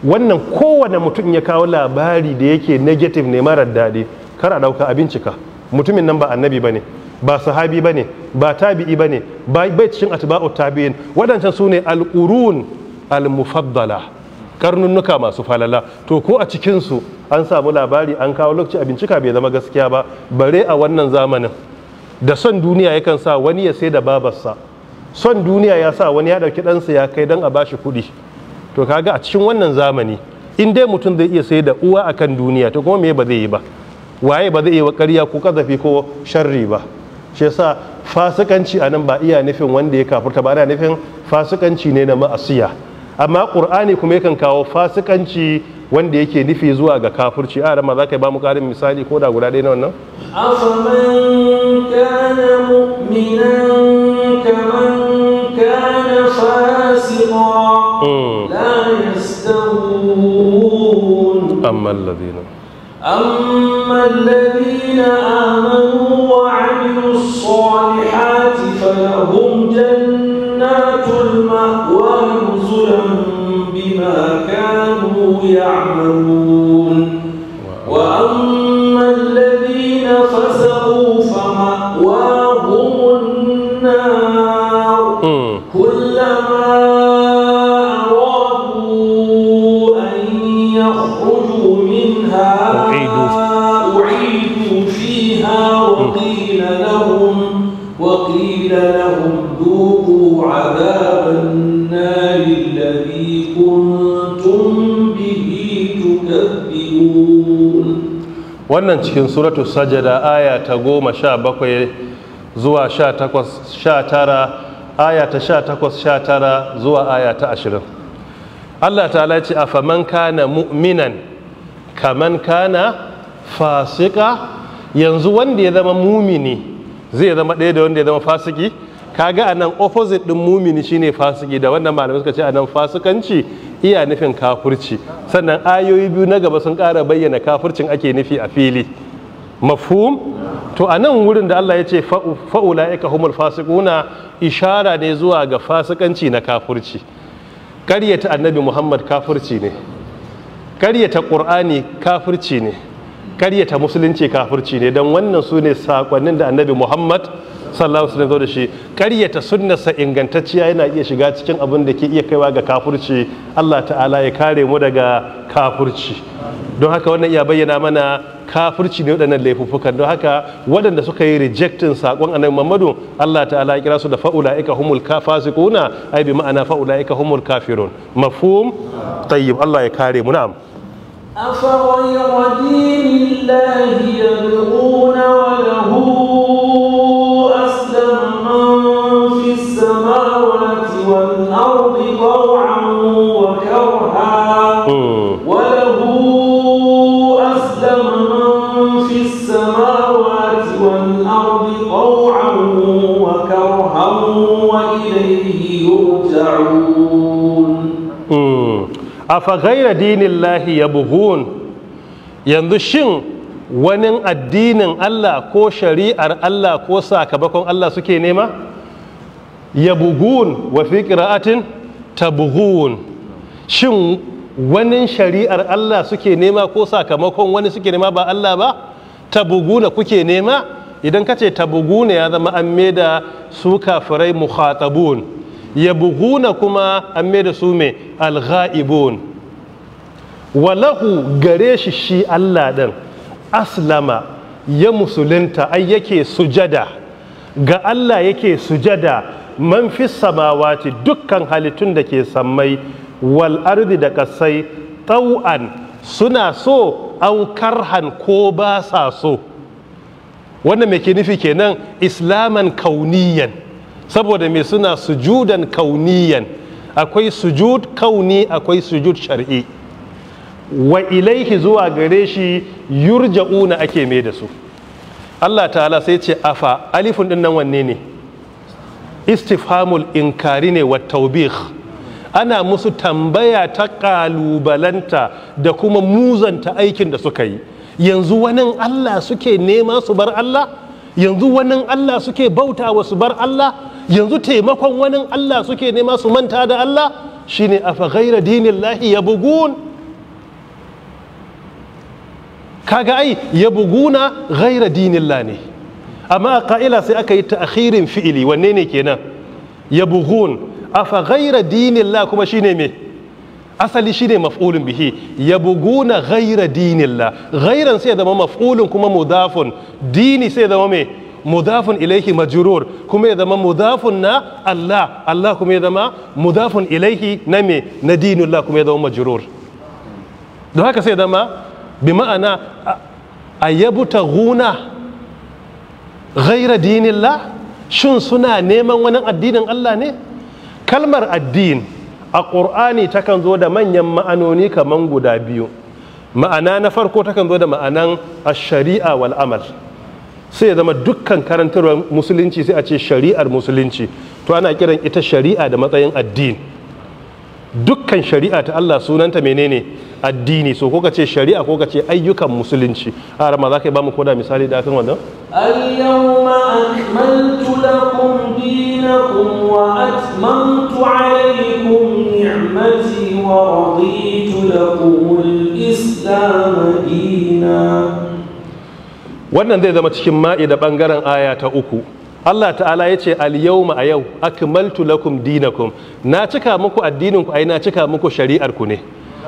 wannan kowane mutum ya kawo labari da yake negative ne marar daɗi kar a ɗauka a bincika mutumin nan ba annabi ba ne ba sahabi ba ne ba tabi'i ba ne ba bai cikin atba'u tabi'in waɗancan su ne al-qurun al-mufaddala karnunnuka masu falala to ko a cikinsu an samu labari an kawo lokaci a bincika bai zama gaskiya ba bare a wannan zamanin da son duniya yakan sa wani ya sai da babarsa son duniya ya sa wani ya ɗauki ɗansa ya kai don a ba shi kuɗi to kaga a cikin wannan zamani in dai mutum zai iya sai da uwa a kan duniya to kuma me ba zai yi ba waye ba zai yi wa ƙarya ko kazafi ko sharri ba shi yasa fasikanci a nan ba iya nufin wanda ya kafurta ba ana nufin fasikanci ne na ma'asiya amma qur'ani kuma yakan kawo fasikanci wanda yake nufi zuwa ga kafirci a rama za ka ba mu karin misali ko da guda ɗaya na wannan afaman أما الذين آمنوا وعملوا الصالحات فلهم جنات المأوى رسلا بما كانوا يعملون وأن wannan cikin suratu sajada aya ta goma sha bakwai zuwa sha takwas sha tara aya ta sha takwas sha tara zuwa aya ta ashirin Allah ta ce a faman kana mu'minan kaman kana fasika yanzu wanda ya zama mumini zai zama ɗaya da wanda ya zama fasiki kaga anan opposite ɗin mumini shine fasiki da wannan malamai suka ce a nan fasikanci iya nufin kafurci, sannan ayoyi biyu na gaba sun ƙara bayyana kafurcin ake nufi a fili mafhum to a nan wurin da Allah ya ce fa'ula ya humul fasikuna ishara ne zuwa ga fasikanci na kafurci. ƙaryata annabi muhammad kafurci ne ƙaryata ƙur'ani kafurci ne ƙaryata musulunci kafurci ne don wannan su ne saƙonnin da annabi muhammad sallallahu alaihi zo da shi karyata sunnarsa ingantacciya yana iya shiga cikin abin da ke iya kaiwa ga kafurci Allah ta'ala ya kare mu daga kafurci don haka wannan iya bayyana mana kafurci ne waɗannan laifufukan don haka waɗanda suka yi rejectin saƙon annabi Muhammadu Allah ta'ala ya kira su da fa'ula'ika humul kafasiquna ai bi ma'ana fa'ula'ika humul kafirun mafhum tayyib Allah ya kare mu na'am أفغير دين الله يبغون وله A ghaira dinillahi buhun yanzu shin wani addinin Allah ko shari'ar Allah ko sakamakon Allah suke nema Ya buhun wa fi ta buhun shin wani shari'ar Allah suke nema ko sakamakon wani suke nema ba Allah ba Ta tabghuna kuke nema idan kace tabghuna ya zama an da su kafirai mukhatabun yabghuna kuma an mai da su mai alghaibun walahu gare shi shi Allah ɗan. aslama ya musulunta ai yake sujada ga Allah yake sujada man fi samawati dukkan halittun da ke sammai wal ardi da kasai tau'an suna so an karhan ko ba sa so wannan me ke nufi kenan islaman kauniyan saboda me suna sujudan kauniyan akwai sujud kauni akwai sujud shar'i wa ilaihi zuwa gare shi yurja'una ake mai da su Allah ta'ala sai ce afa alifun din nan wanne ne istifhamul inkari ne wa taubih ana musu tambaya ta kalubalanta da kuma muzanta aikin da suka yi yanzu wani Allah suke nema su bar Allah yanzu wani Allah suke bauta wa su bar Allah yanzu taimakon wani Allah suke nema su manta da Allah shine dinin lahi dinillahi yabghun kaga ai yabghuna ghaira la ne amma a ka'ila sai aka yi ta'khirin fi'ili wanne ne kenan a afa dinin la kuma shine me asali shine maf'ulun bihi yabghuna ghaira la ghairan sai zama maf'ulun kuma mudafun dini sai zama me mudafun ilaihi majrur kuma ya zama mudafun na Allah Allah kuma ya zama mudafun ilaihi na me na dinullah kuma ya zama majrur don haka sai zama bi ma'ana huna ghaira dinillah shin suna neman wani addinin Allah ne kalmar addin a ƙur'ani takan zo da manyan ma'anoni kaman guda biyu ma'ana na farko takan zo da ma'anan ash-shari'a wal amal sai ya zama dukkan karantarwar musulunci sai a ce shari'ar musulunci to ana kiran ita shari'a da matsayin addini dukkan shari'a ta Allah sunanta menene addini so ko ce shari'a ko ce ayyukan musulunci a rama za ka yi ba mu koda misali da akan wannan wannan zai zama cikin da bangaren aya ta uku Allah ta'ala ya ce al a yau akmaltu lakum dinakum na cika muku addinin ku ai na cika muku shari'ar ku ne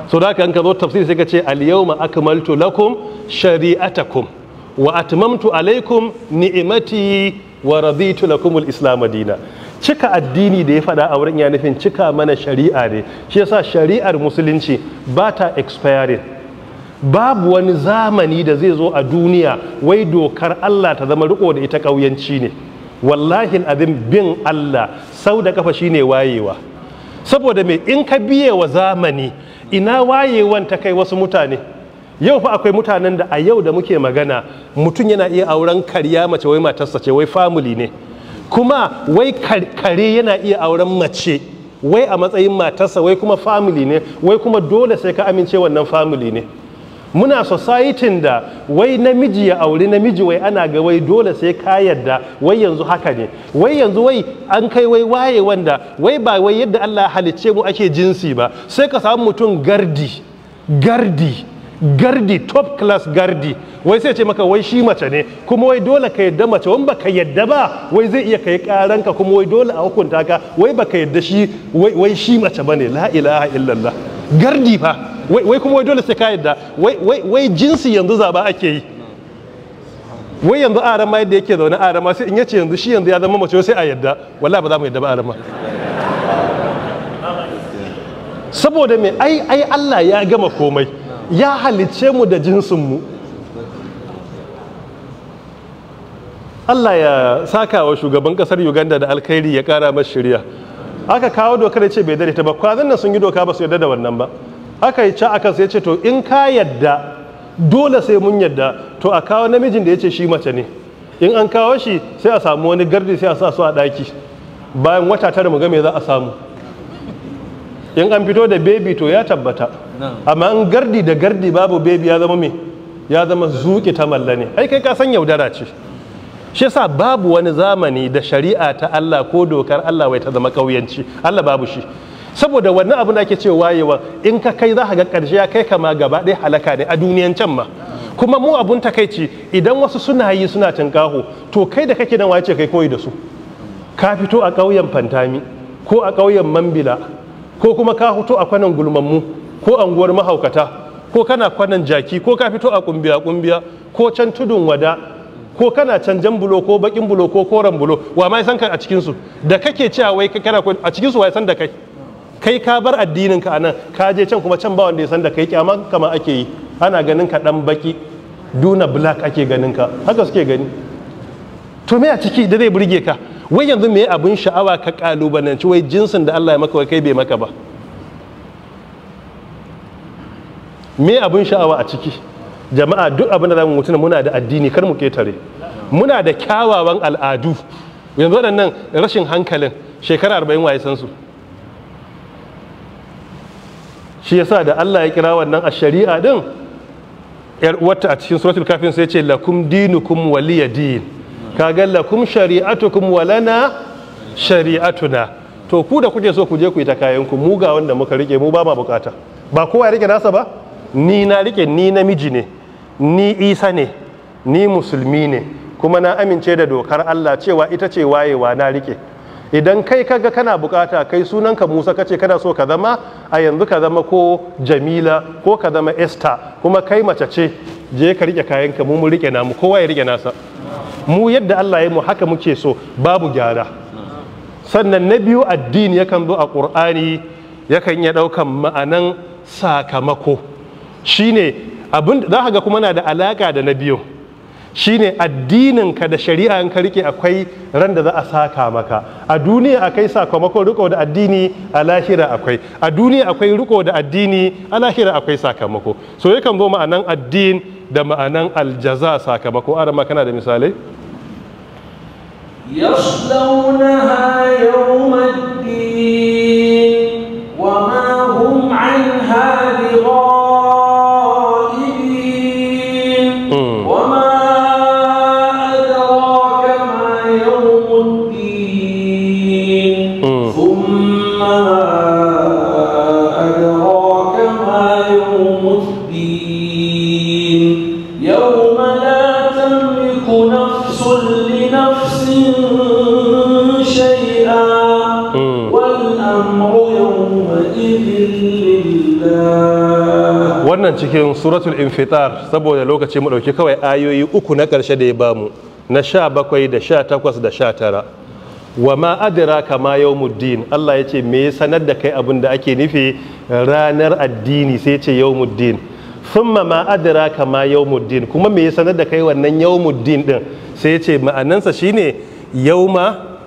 so da kan ka zo tafsiri sai ka ce al akmaltu lakum shari'atakum wa atmamtu alaikum ni'imati wa raditu lakum al-islam dina cika addini da ya fada a wurin ya nufin cika mana shari'a ne shi yasa shari'ar musulunci ba ta expiring babu wani zamani da zai zo a duniya wai dokar Allah ta zama riko da ita ƙauyanci ne wallahi abin bin Allah sau da kafa shine wayewa saboda me in ka biye wa zamani ina wayewan ta kai wasu mutane yau fa akwai mutanen da a yau da muke magana mutum yana iya auren karya mace wai matarsa ce wai family ne kuma wai kare yana iya auren mace wai a matsayin matarsa wai kuma family ne wai kuma dole sai ka amince wannan family ne muna society da wai namiji ya auri namiji wai ana ga wai dole sai ka yadda wai yanzu haka ne wai yanzu wai an kai wai waye wanda wai ba wai yadda Allah halicce mu ake jinsi ba sai ka samu mutum gardi gardi gardi top class gardi wai sai ce maka wai shi mace ne kuma wai dole ka yadda mace wani baka yadda ba wai zai iya kai ka kuma wai dole a hukunta ka wai baka yadda shi wai shi mace bane la ilaha illallah gardi fa wai kuma wai dole sai ka yadda wai jinsi yanzu zaba ake yi wai yanzu a rama yadda yake zaune a rama sai in yace yanzu shi yanzu ya zama mace sai a yadda wallahi ba za mu yadda ba a rama saboda me ai ai Allah ya gama komai ya halicce mu da jinsin mu Allah ya saka wa shugaban kasar Uganda da alkhairi ya kara masa shirya aka kawo dokar ce bai dare ta ba kwazan nan sun yi doka ba su yarda da wannan ba aka yi ca aka sai ce to in ka yadda dole sai mun yadda to a kawo namijin da ya ce shi mace ne in an kawo shi sai a samu wani gardi sai a sa su a ɗaki bayan wata tara mu ga me za a samu in an fito da bebi to ya tabbata amma in gardi da gardi babu bebi ya zama me ya zama zuƙi ta malla ne ai kai ka san yaudara ce shi yasa babu wani zamani da shari'a ta Allah ko dokar Allah wai ta zama ƙauyanci Allah babu shi saboda wannan abin da ake ce wayewa in ka kai za ka ga ƙarshe ya kai kama gaba ɗaya halaka ne a duniyan can ma kuma mu abun takaici idan wasu suna yi suna kaho, to kai da kake nan wace kai koyi da su ka fito a ƙauyen fantami ko a ƙauyen mambila ko kuma ka fito a kwanan gulmammu ko anguwar mahaukata ko kana kwanan jaki ko ka fito a kumbiya kumbiya ko can tudun wada ko kana can jan bulo ko bakin bulo ko koren bulo wa ma san ka a cikin su da kake cewa wai kana a cikin su wai san da kai kai ka bar addinin ka anan ka je can kuma can ba wanda ya san da kai kyama kama ake yi ana ganin ka dan baki duna black ake ganin ka haka suke gani to me a ciki da zai burge ka wai yanzu me abin sha'awa ka kalubalanci wai jinsin da Allah ya maka wai kai bai maka ba me abin sha'awa a ciki jama'a duk abin da zamu mutuna muna da addini kar mu ketare muna da kyawawan al'adu yanzu waɗannan rashin hankalin shekara arba'in waye san su shi yasa da Allah ya kira wannan a shari'a din yar uwarta a cikin suratul kafin sai ce lakum dinukum waliya din kaga lakum shari'atukum walana na. to ku da kuke so ku je ku yi ta kayan ku mu ga wanda muka rike mu ba ma bukata ba kowa ya rike nasa ba ni na rike ni namiji ne ni isa ne ni musulmi ne kuma na amince da dokar Allah cewa ita ce wayewa na rike idan kai kaga kana bukata kai sunanka musa kace kana so ka zama a yanzu ka zama ko jamila ko ka zama esther kuma kai mace ce je ka rike kayanka mu mu rike namu kowa ya rike nasa mu yadda allah ya mu haka muke so babu gyara sannan na biyu addini yakan zo a ƙur'ani yakan ya ɗaukan ma'anan sakamako shine abin za ga kuma na da alaka da na biyu shine addininka da shari'a in ka rike akwai ran da za a saka maka a duniya akai sakamakon riko da addini a lahira akwai a duniya akwai riko da addini a lahira akwai sakamako so yakan zo ma'anan addin da ma'anan aljaza sakamako arama kana da misalai wannan cikin suratul infitar saboda lokaci mu dauki kawai ayoyi uku na karshe da ya bamu na sha bakwai da sha takwas da sha tara wa ma adira kama muddin Allah ya ce me sanar da kai abin da ake nufi ranar addini sai ya ce muddin thumma ma adira kama muddin kuma me sanar da kai wannan muddin din sai ce ma'anansa shine yauma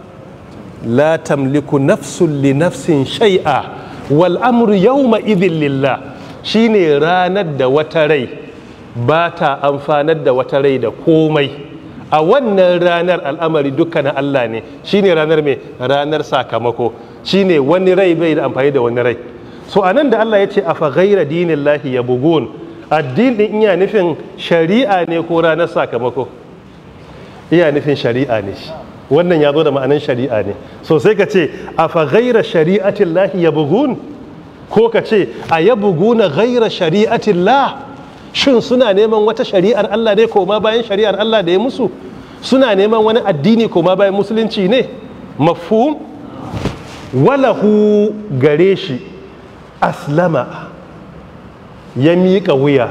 la tamliku nafsun li nafsin shay'a wal amru yawma idhin lillah shine ranar da wata rai ba ta amfanar da wata rai da komai a wannan ranar al'amari na Allah ne shine ranar mai ranar sakamako shine wani rai bai da amfani da wani rai so anan da Allah ya ce afa dinin lahi ya bugun addinin iya nufin shari'a ne ko ranar sakamako iya nufin shari'a ne shi wannan ya zo da ma'anin shari'a ne so sai ka ce afa shari'atin lahi ya bugun ko ka ce a ya bugu na gaira shari'atillah shin suna neman wata shari'ar Allah ne ko ma bayan shari'ar Allah da ya musu suna neman wani addini ko ma bayan musulunci ne mafhum walahu gare shi aslama ya miƙa wuya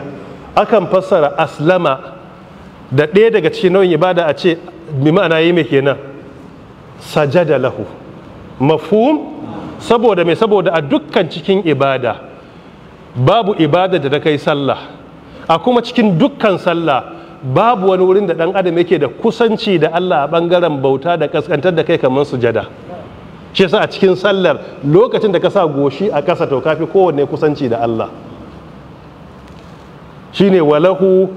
akan fassara aslama da ɗaya daga cikin nau'in ibada a ce bi ma'ana yi mai kenan sajada lahu mafhum saboda mai saboda a dukkan cikin ibada babu ibada da ta kai sallah a kuma cikin dukkan sallah babu wani wurin da ɗan adam yake da kusanci da Allah a bangaren bauta da kaskantar da kai kamar sujada shi yasa a cikin sallar lokacin da ka sa goshi a ƙasa to kafi kowanne kusanci da Allah shine walahu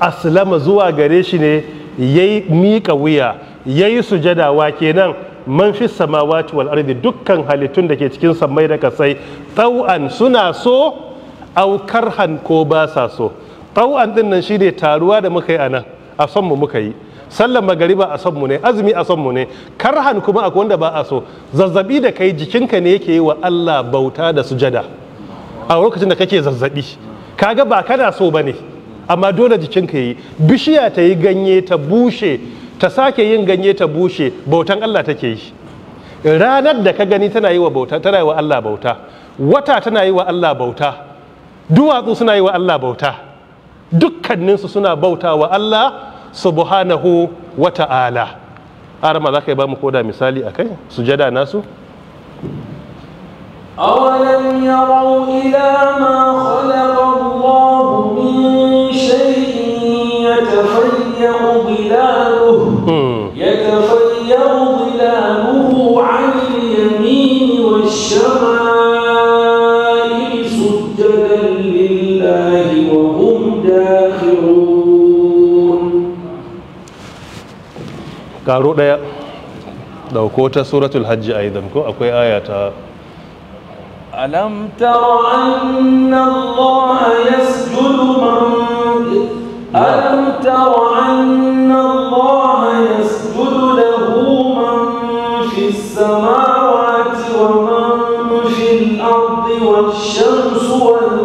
aslama zuwa gare shi ne yayi miƙa wuya yayi sujadawa kenan man fi samawati wal ardi dukkan halittun da ke cikin sammai da kasai tau'an suna so aukar han ko ba sa so tau'an din nan shine taruwa da muka yi a nan a son mu muka yi sallan magariba a son mu ne azumi a son mu ne karhan kuma akwai wanda ba a so zazzabi da kai jikinka ne yake yi wa Allah bauta da sujada a lokacin da kake zazzabi kaga ba kana so bane amma dole jikinka yi bishiya ta yi ganye ta bushe ta sake yin ganye ta bushe bautan Allah take yi ranar da ka gani tana yi wa bauta tana yi wa Allah bauta wata tana yi wa Allah bauta duwatsu suna yi wa Allah bauta dukkaninsu suna bauta wa Allah subhanahu wa ta'ala arama za ka yi ba mu koda misali a kai sujada nasu أولم يروا إلى ما خلق الله karo ɗaya dauko ta suratul hajji aidan ko akwai aya ta alam tara anna allaha yasjudu man alam tara anna allaha yasjudu lahu man fis samawati wa man fil ardi wash shamsu wal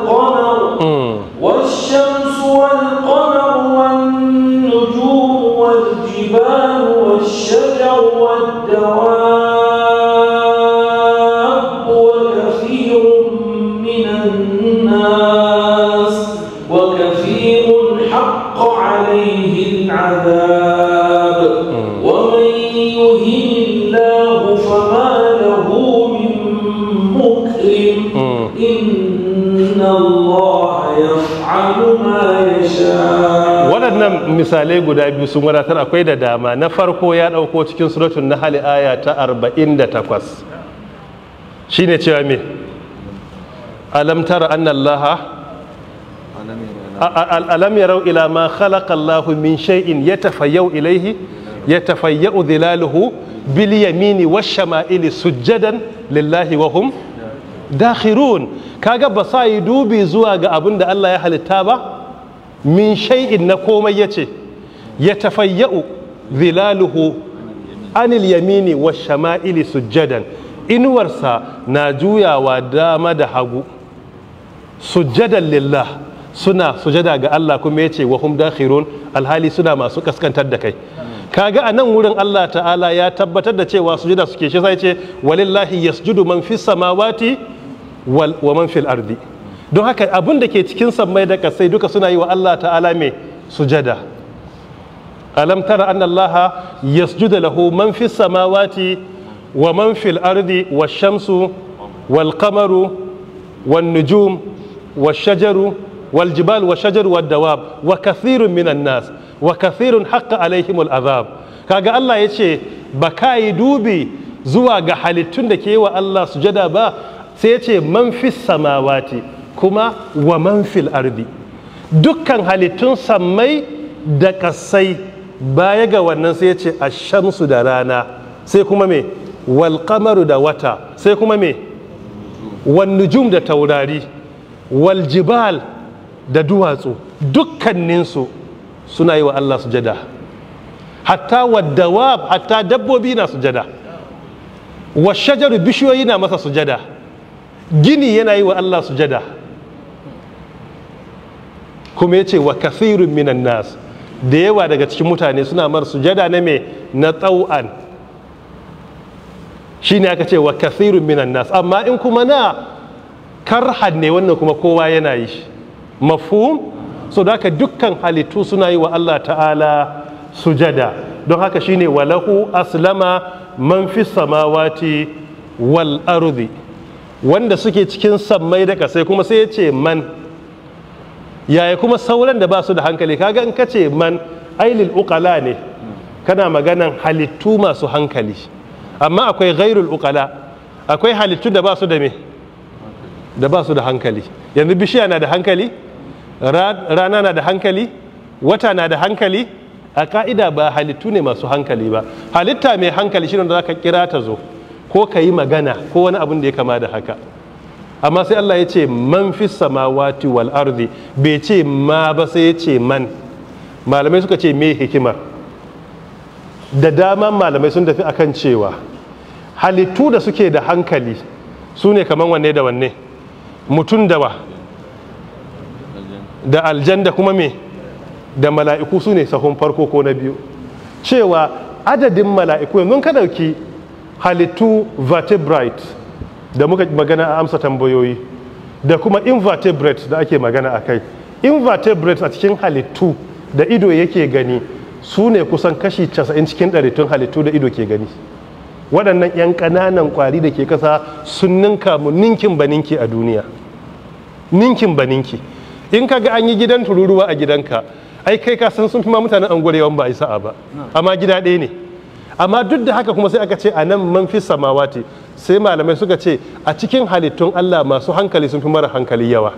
misalai guda biyu sun wadatar akwai da dama na farko ya dauko cikin suratun na hali aya ta 48 shi ne cewa me alam tara anna alam yarau ila ma khalaqa allahu min shay'in yatafayyau ilaihi yatafayyau dhilaluhu bil yamini wash shama'ili sujjadan lillahi wa hum dakhirun kaga ba sa yi dubi zuwa ga abin da Allah ya halitta ba min shay'in na komai yace ya tafayya'u zilaluhu anil yamini wa shama'ili sujjadan inuwarsa na juyawa dama da hagu sujjadan lillah suna sujada ga Allah kuma yace wa hum dakhirun alhali suna masu kaskantar da kai kaga a nan wurin Allah ta'ala ya tabbatar da cewa sujada suke shi sai ce walillahi yasjudu man fis samawati wa man fil ardi don haka abin da ke cikin sammai da kasai duka suna yi wa Allah ta'ala mai sujada alam tara anna Allah yasjuda lahu man fis samawati wa man fil wa shamsu wal qamaru wa nujum wash shajaru wal jibal wash shajaru wad dawab wa kathirun minan nas wa kathirun haqqa alaihimul azab kaga Allah yace ba kai dubi zuwa ga halittun da ke yi wa Allah sujada ba sai yace man fis samawati kuma wa man fil ardi dukkan halittun sammai da kasai baya ga wannan sai ya ce shamsu da rana sai kuma me wal da wata sai kuma me wal nujum da taurari waljibal da duwatsu dukkaninsu suna yi wa Allah sujada hatta wadawab hatta dabbobi na sujada wa shajaru bishiyoyi na masa sujada gini yana yi wa Allah sujada kuma ya ce wa kathirun minan nas da yawa daga cikin mutane suna mar sujada na me na tsau'an shi ne aka ce wa kathirun minan nas amma in kuma na karhan ne wannan kuma kowa yana yi shi mafhum so da haka dukkan halittu suna yi wa Allah ta'ala sujada don haka shi ne walahu aslama man fi samawati wal ardi wanda suke cikin sammai da kasai kuma sai ya ce man yaya kuma sauran da ba su da hankali kaga in kace man ailil uqala ne kana maganan halittu masu hankali amma akwai ghairul uqala akwai halittu da ba su da me da ba su da hankali yanzu bishiya na da hankali rana na da hankali wata na da hankali a ka'ida ba halittu ne masu hankali ba halitta mai hankali shi ne da za ka kira ta zo ko ka yi magana ko wani abun da ya kama da haka amma sai Allah ya ce man fi samawati wal ardi bai ce ma ba sai ya ce man malamai suka ce me hikima da dama malamai sun tafi akan cewa halittu da suke da hankali su ne kamar wanne da wanne mutum da wa da aljanda kuma me da mala'iku su ne sahun farko ko na biyu cewa adadin mala'iku yanzu ka dauki halittu vertebrate da muka magana a amsa tambayoyi da kuma invertebrate da ake magana a kai invertebrate a cikin halittu da ido yake gani su ne kusan kashi 90 cikin ɗaritun halittu da ido ke gani waɗannan 'yan ƙananan ƙwari da ke kasa sun ninka mu ninkin baninki a duniya ninkin baninki in ka ga an yi gidan tururuwa a gidanka ai kai ka san sun fi ma mutanen an yawan ba a yi sa'a ba amma gida ɗaya ne amma duk da haka kuma sai aka ce a nan man fi samawati sai malamai suka ce a cikin halittun Allah masu hankali sun fi mara hankali yawa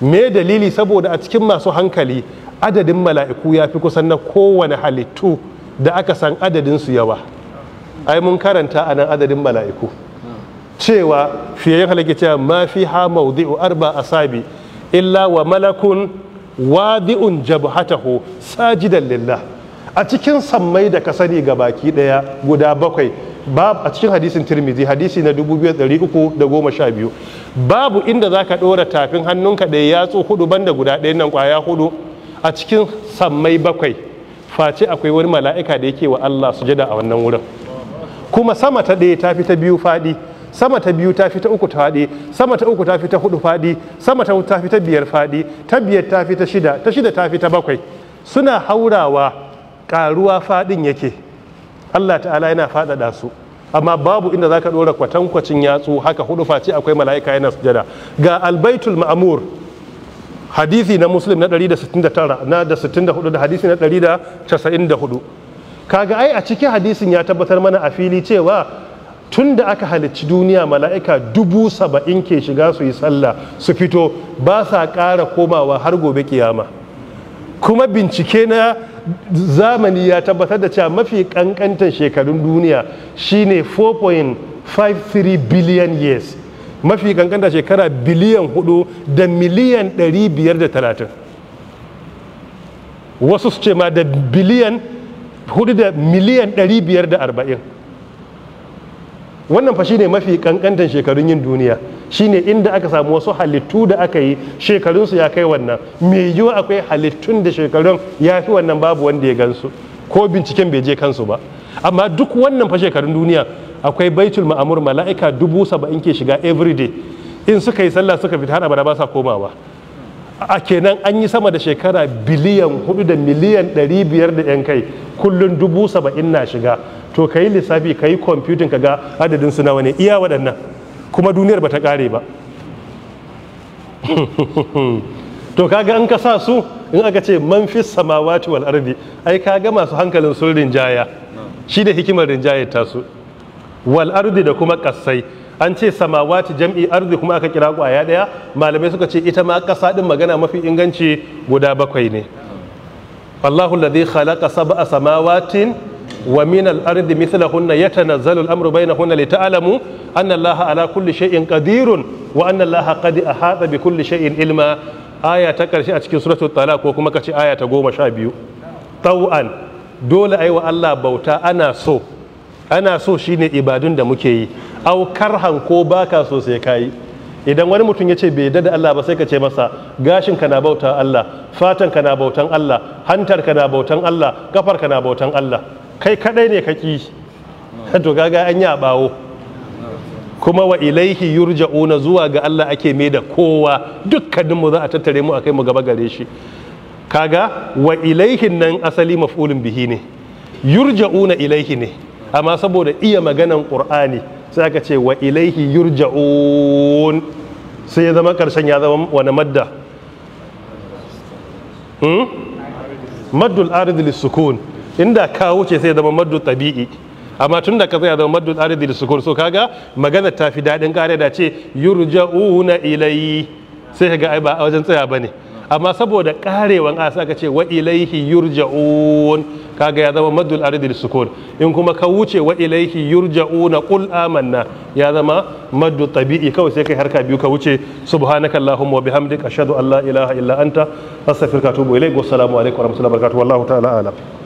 me dalili saboda a cikin masu hankali adadin mala'iku ya fi kusan na kowane halittu da aka san adadin su yawa ai mun karanta a nan adadin mala'iku cewa fiye halage cewa ma fi ha maudi'u arba asabi illa wa malakun wadi'un jabhatahu sajidan lillah a cikin sammai da ka sani ga baki daya guda bakwai babu a cikin hadisin tirmidhi hadisi na 2312 babu inda zaka dora tafin hannunka da yatsu hudu banda guda ɗaya nan kwaya hudu a cikin sammai bakwai face akwai wani mala'ika da yake wa Allah sujada a wannan wurin kuma sama ta ɗaya ta fi ta biyu faɗi sama ta biyu ta fi ta uku faɗi sama ta uku ta fi ta hudu faɗi sama ta ta fi ta biyar faɗi ta biyar ta fi ta shida ta shida ta fi ta bakwai suna haurawa Karuwa faɗin yake allah ta'ala yana faɗaɗa su amma babu inda zaka ɗora kwatankwacin yatsu haka hudu face akwai mala'ika yana sujada ga albaitul ma'amur hadisi na muslim na 169 na 64 da hadisi na 194 kaga ai a cikin hadisin ya tabbatar mana a fili cewa tun da aka halicci duniya mala'ika dubu saba'in ke shiga su yi sallah su fito ba sa ƙara komawa har gobe kiyama kuma bincike na zamani ya tabbatar da cewa mafi kankantan shekarun duniya shine 4.53 billion years mafi kankanta shekara biliyan 4 da miliyan 530 wasu su ce ma da biliyan 4 da miliyan 540 wannan fa shine mafi kankantan shekarun yin duniya shine inda aka samu wasu halittu da aka yi shekarunsu ya kai wannan mai yiwa akwai halittun da shekarun ya fi wannan babu wanda ya gansu ko binciken bai je kansu ba amma duk wannan fa shekarun duniya akwai baitul ma'amur mala'ika dubu saba'in ke shiga everyday in suka yi sallah suka fita har abada ba sa komawa a kenan an yi sama da shekara biliyan hudu da miliyan ɗari biyar da yan kai kullum dubu saba'in na shiga to ka yi lissafi ka yi kwamfutin ka ga adadin su nawa ne iya waɗannan kuma duniyar ba ta kare ba to kaga an ka sa su in aka ce man fi samawati wal ardi ai kaga masu hankalin sun rinjaya shi da hikimar rinjaya ta tasu wal ardi da kuma kasai an ce samawati jam'i ardi kuma aka kira kwaya daya malamai suka ce ita ma kasa din magana mafi inganci guda bakwai ne Allahu ladhi khalaqa sab'a samawatin wa min al-ardi mithlahunna yatanazzalu al-amru bainahunna li ta'lamu anna Allaha ala kulli shay'in qadirun wa anna Allaha qad ahata bi kulli shay'in ilma aya ta karshe a cikin suratul talaq ko kuma kace aya ta biyu. tau'an dole ai wa Allah bauta ana so ana so shine ibadun da muke yi aukar hanko baka so sai kai idan wani mutum ya ce bai yarda da Allah ba sai ka ce masa gashin ka na bautan Allah fatan ka na bautan Allah hantar ka na bautan Allah kafar ka na bautan Allah kai kadai ne ka ki to gaga an ya bawo kuma wa ilaihi yurja'una zuwa ga Allah ake mai da kowa dukkanin mu za a tattare mu akai mu gaba gare shi kaga wa ilaihin nan asali maf'ulun bihi ne yurja'una ilaihi ne amma saboda iya maganan qur'ani sai aka ce wa ilaihi yurja'un sai ya zama karshen ya zama wani madda hmm? maddul arid lissukun inda ka wuce sai zama maddu tabi'i amma tun da ka zai zama maddu aridi da sukun so kaga magana ta fi daɗin ƙare da ce yurja'una ilai sai kaga ai ba a wajen tsaya bane amma saboda ƙarewan a aka ce wa ilaihi yurja'un kaga ya zama madul da sukun in kuma ka wuce wa ilaihi yurja'un qul amanna ya zama maddu tabi'i kawai sai kai harka biyu ka wuce subhanaka allahumma wa bihamdika ashhadu an la ilaha illa anta astaghfiruka wa atubu ilaik wassalamu alaikum wa rahmatullahi wa barakatuh wallahu ta'ala a'lam